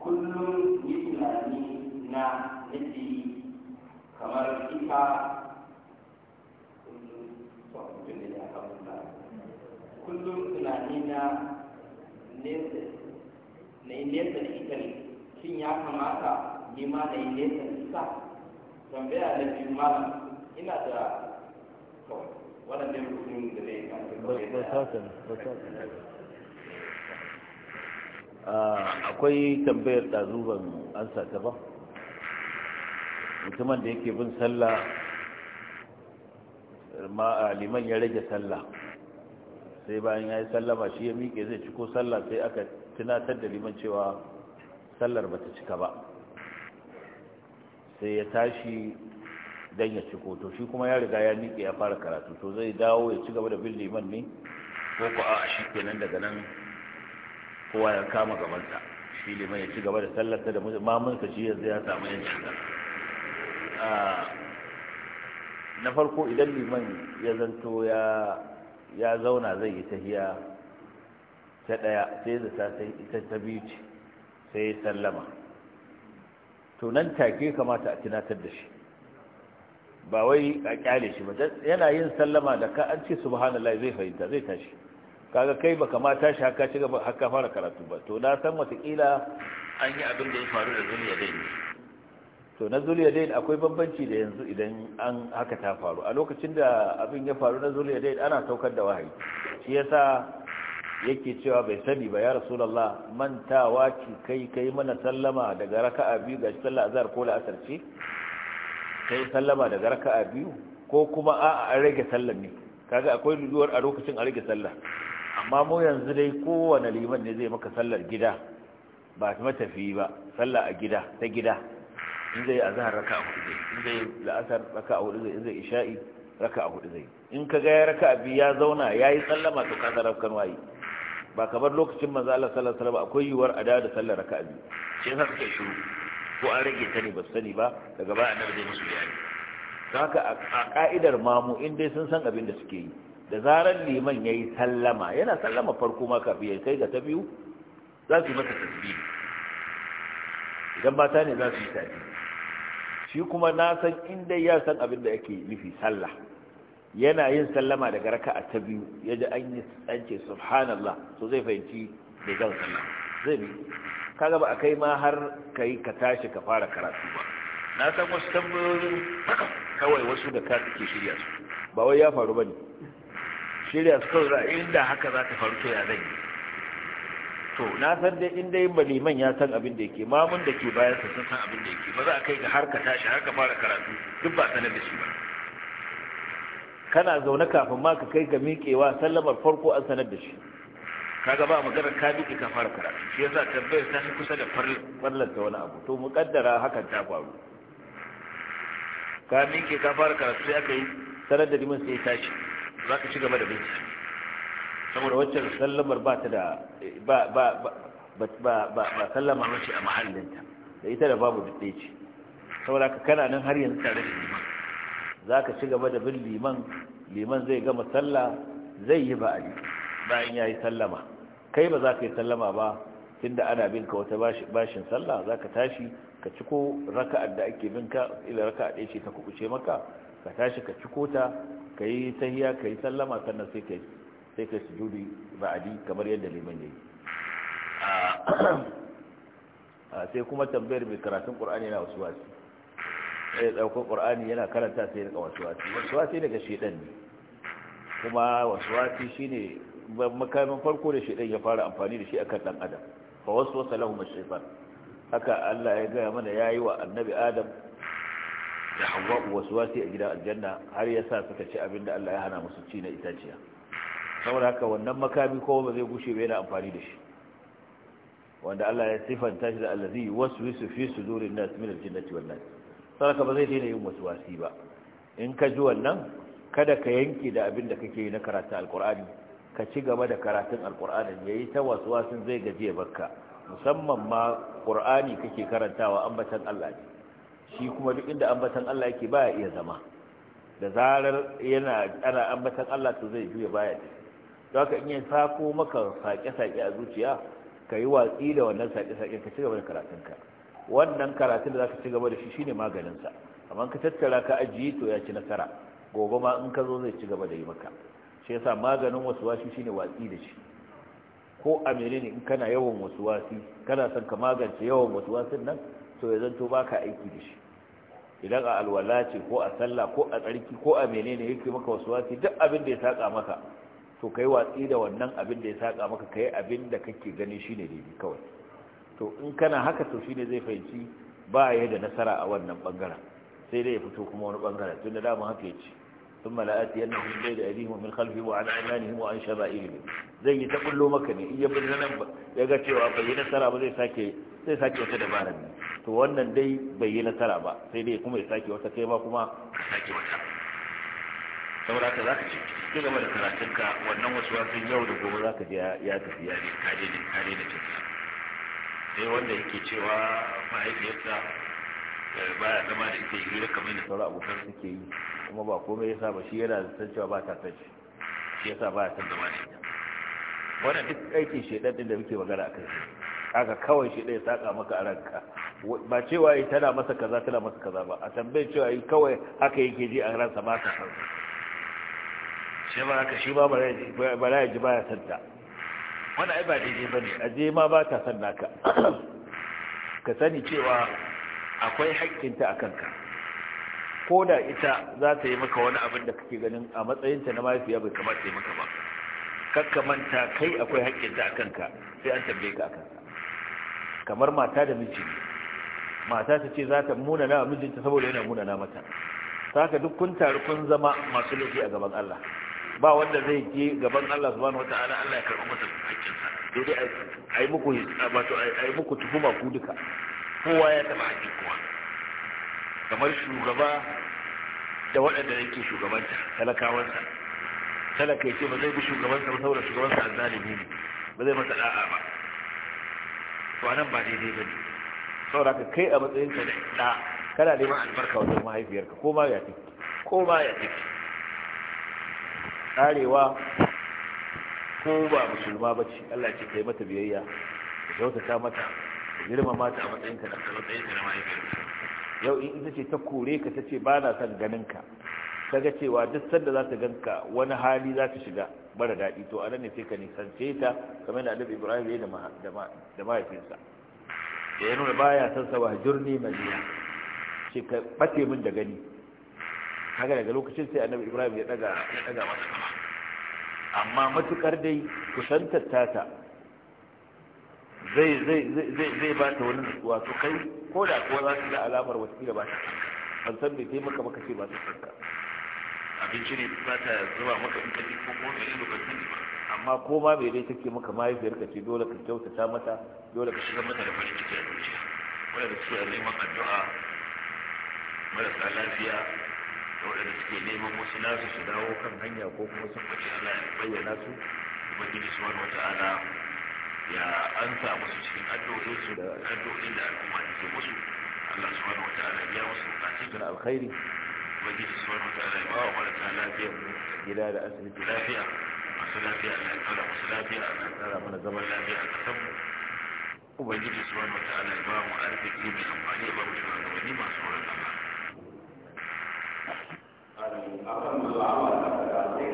kullum yi tunani na nake kamar ita kullum tunani na nesa na yi nesa da ita ne shin ya kamata ni ma na yi nesa da ita tambaya na biyu malam ina da waɗannan rukunin da zai kafin kawai da akwai tambayar ɗazuban ansa ta ba mutumin da yake bin sallah liman ya rage sallah sai bayan ya yi sallama shi ya miƙe zai ciko sallah sai aka tunatar da liman cewa sallar ba ta cika ba sai ya tashi don ya ciko to shi kuma ya riga ya miƙe ya fara karatu to zai dawo ya ci gaba da bin liman ne ko ku a shi kenan daga nan kowa ya kama gabansa shi liman ya ci gaba da sallarsa da mamunsa shi yanzu ya samu yancinsa ah, na farko idan liman ya zanto ya zauna zai yi tahiya ta ɗaya sai da ta ita ta biyu ce sai ya sallama to nan take kamata a tunatar da shi ba wai a kyale shi ba yana yin sallama da ka an ce subhanallah zai fahimta zai tashi kaga kai baka ma tashi haka ci gaba haka fara karatu ba to na san watakila an yi abin da ya faru da zuliya ne to na zuliya dai akwai bambanci da yanzu idan an haka ta faru a lokacin da abin ya faru na zuliya dai ana saukar da wahayi shi yasa yake cewa bai sani ba ya rasulullah mantawa waki, kai kai mana sallama daga raka'a biyu ga sallar azhar ko la'asar ce kai sallama daga raka'a biyu ko kuma a'a an rage sallar ne kaga akwai duwar a lokacin a rage sallah amma mu yanzu dai kowane liman ne zai maka sallar gida ba matafi ba sallar a gida ta gida in zai a zahar raka a hudu zai in zai la'asar raka a hudu zai in zai isha'i raka a hudu zai in ka ga ya raka a biyu ya zauna ya yi sallama to ka rafkan waye? wayi ba kamar lokacin manzo Allah sallallahu alaihi wasallam akwai yiwuwar a da sallar raka a biyu shi yasa suke shiru ko an rage ta ne ba su sani ba daga baya annabi zai musu bayani haka a ka'idar mamu in dai sun san abin da suke yi da zarar liman ya yi sallama yana sallama farko ma kafin kai ga ta biyu za su masa tasbi idan mata ne za su yi tafi shi kuma na san inda ya san abin da yake nufi sallah yana yin sallama daga a ta biyu ya ji an yi an ce subhanallah so zai fahimci da zan sallah zai bi kaga ba a kai ma har kai ka tashi ka fara karatu ba na san wasu tambayoyin kawai wasu da ka suke shirya su ba wai ya faru bane shirya su kan ra'ayin da haka za ta faru to ya zai to na san dai in dai maliman ya san abin da yake mamun da ke bayan sun san abin da yake ba za a kai ga harka tashi harka fara karatu duk ba sanar da shi ba kana zaune kafin ma ka kai ga miƙewa sallamar farko an sanar da shi kaga ba maganar ka miƙe ka fara karatu shi yasa tambayar ta fi kusa da farlan ta wani abu to mu kaddara hakan ta faru ka miƙe ka fara karatu sai aka yi sanar da liman sai ya tashi za ka ci gaba da binci saboda wacce sallamar ba ta da ba ba ba ba sallama mace a mahallinta da ita da babu dutse ce saboda ka kana nan har yanzu tare da liman za ka ci gaba da bin liman liman zai gama sallah zai yi ba'adi bayan ya yi sallama kai ba za ka yi sallama ba tunda ana bin ka wata bashin sallah za ka tashi ka ciko raka'ar da ake bin ka ila raka'a ɗaya ce ta kuɓuce maka ka tashi ka ciko ta ka yi tahiya ka yi sallama sannan sai ka sai ka sujudi ba'adi kamar yadda liman yayi ah, ah, sai kuma tambayar mai karatun qur'ani yana wasu wasu sai ɗaukar ƙur'ani yana karanta sai wasu. Wasu wasu daga shiɗan ne kuma wasu shi ne makamin farko da shiɗan ya fara amfani da shi a kan ɗan adam fa wasu wasu lahu mashifan haka allah ya gaya mana ya yi wa annabi adam da hawa'u wasu wasi a gidan aljanna har yasa sa suka ci abin da Allah ya hana musu ci na itaciya saboda haka wannan makami kowa ba zai gushe ba yana amfani da shi wanda Allah ya sifanta shi da allazi waswisu fi sudurin nas min aljannati wal nas saboda ba zai daina yin wasi ba in ka ji wannan kada ka yanke da abin da kake yi na karatu alqur'ani ka ci gaba da karatun alqur'ani yayi ta wasu waswasin zai gaje barka musamman ma qur'ani kake karantawa ambatan Allah shi kuma duk inda ambatan Allah yake baya iya zama da zarar yana ana ambatan Allah to zai juya baya ne don haka in ya sako maka sake-sake a zuciya ka yi watsi da wannan sake-sake ka ci gaba da karatunka wannan karatun da za ka ci gaba da shi shine maganinsa amma ka tattara ka ajiye to ya ci nasara gobe ma in ka zo zai ci gaba da yi maka shi yasa maganin wasu shi shine watsi da shi ko a ne in kana yawan wasu wasu kana son ka magance yawan wasu wasu nan to ya zanto baka aiki da shi idan a alwala ce ko a sallah ko a tsarki ko a menene yake maka wasu wasi duk abin da ya saka maka to kai watsi da wannan abin da ya saka maka kai abin da kake gani shine daidai kawai to in kana haka to shine zai fahimci ba ya da nasara a wannan bangaren sai dai ya fito kuma wani bangaren tun da dama haka ya ci sun mala'ati yana sun bai da alihu min khalfi wa an amanihim wa an shaba'ihim zai yi ta kullo maka ne in ya nan ya ga cewa bai yi nasara ba zai sake zai sake wata dabarar ne to wannan dai bai yi nasara ba sai dai kuma ya sake wata kai ma kuma sake wata saboda ka za ka ce ki gaba da karatun ka wannan wasu wasan yau da gobe za ka je ya tafi ya ne kare daina ka sai wanda yake cewa mahaifiyarsa eh, baya zama da ita yi hira kamar da sauran abokan suke yi kuma ba komai ya sa ba shi yana san cewa ba ta san shi ya sa ba ya son zama da ita wannan duk aikin shaidan din da muke magana a kai haka kawai shi ɗaya saƙa maka a ranka ba cewa yi tana masa kaza tana masa kaza ba a tambayin cewa yi kawai haka yake ji a ransa ba ka san shi ba haka shi ba ba ya ji ba ya santa wani ai ba daidai ba ne a je ma ba ta san naka ka sani cewa akwai haƙƙinta a kanka ko da ita za ta yi maka wani abin da kake ganin a matsayinta na mahaifiya bai kamata yi maka ba kakka manta kai akwai haƙƙinta a kanka sai an tambaye ka a kanka kamar mata da miji mata ta ce za ta munana a mijinta saboda yana munana mata saka duk kun taru kun zama masu laifi a gaban Allah ba wanda zai je gaban Allah subhanahu wataala Allah ya karɓi masa hakkin sa dole ai muku wato ai muku tuhuma ku duka kowa ya taba hakkin kowa kamar shugaba da waɗanda yake shugabanta talakawansa talaka ce ba zai bi shugabansa ba saboda shugabansa azzalimi ne ba zai masa da'a ba to nan ba daidai ba ne saboda ka kai a matsayin ka da kana neman albarka wajen mahaifiyarka ko ma ya take ko ma ya take karewa ko ba musulma ba ce Allah ce kai mata biyayya ka kyautata mata ka girma mata a matsayin ka da matsayin ka na mahaifiyarka yau in ita ce ta kore ka ta ce ba na son ganin ka kaga cewa duk sanda za ta ganka wani hali za ta shiga mara daɗi to anan ne sai ka nisance ta kamar da annabi ibrahim ya da mahaifinsa da ya nuna baya san sa wa jurni maliya shi ka bace min da gani haka daga lokacin sai annabi ibrahim ya daga ya daga masa amma matukar dai kusantar tata zai zai zai zai ba ta wani nutsuwa to kai ko da kuwa za su da alamar wasu da ba ta ban san me sai maka maka ce ba su kanka abinci ne ba ta zuba maka in kaji ko kuma ilu ka sani ba amma ko ma bai dai take maka mahaifiyar ka ce dole ka kyautata mata dole ka shiga mata da farin ciki a zuciya wanda suke neman addu'a marasa lafiya da waɗanda suke neman wasu nasu su dawo kan hanya ko kuma sun ɓace Allah ya bayyana su ubangiji subhanahu wata'ala ya ansa musu cikin su, da addu'o'in da al'umma ke musu Allah subhanahu wata'ala ya musu bukatun alkhairi ubangiji subhanahu wataala ya ba wa marasa lafiya gida da asibiti lafiya masu lafiya Allah ya kara masu lafiya Allah ya kara mana zaman lafiya a kasan ubangiji subhanahu wataala ya ba mu arziki mai amfani ya ba mu shugabanni masu wurin Allah akan mulawa da kasashe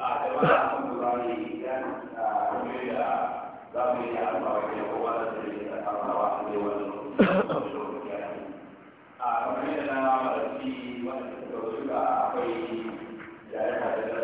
a gaba akan mulawa idan a kuma da za mu yi alfawa da kowa da su ne a kasawa a ne wani a kamar yadda na malarci wani 我去啦，去上海了。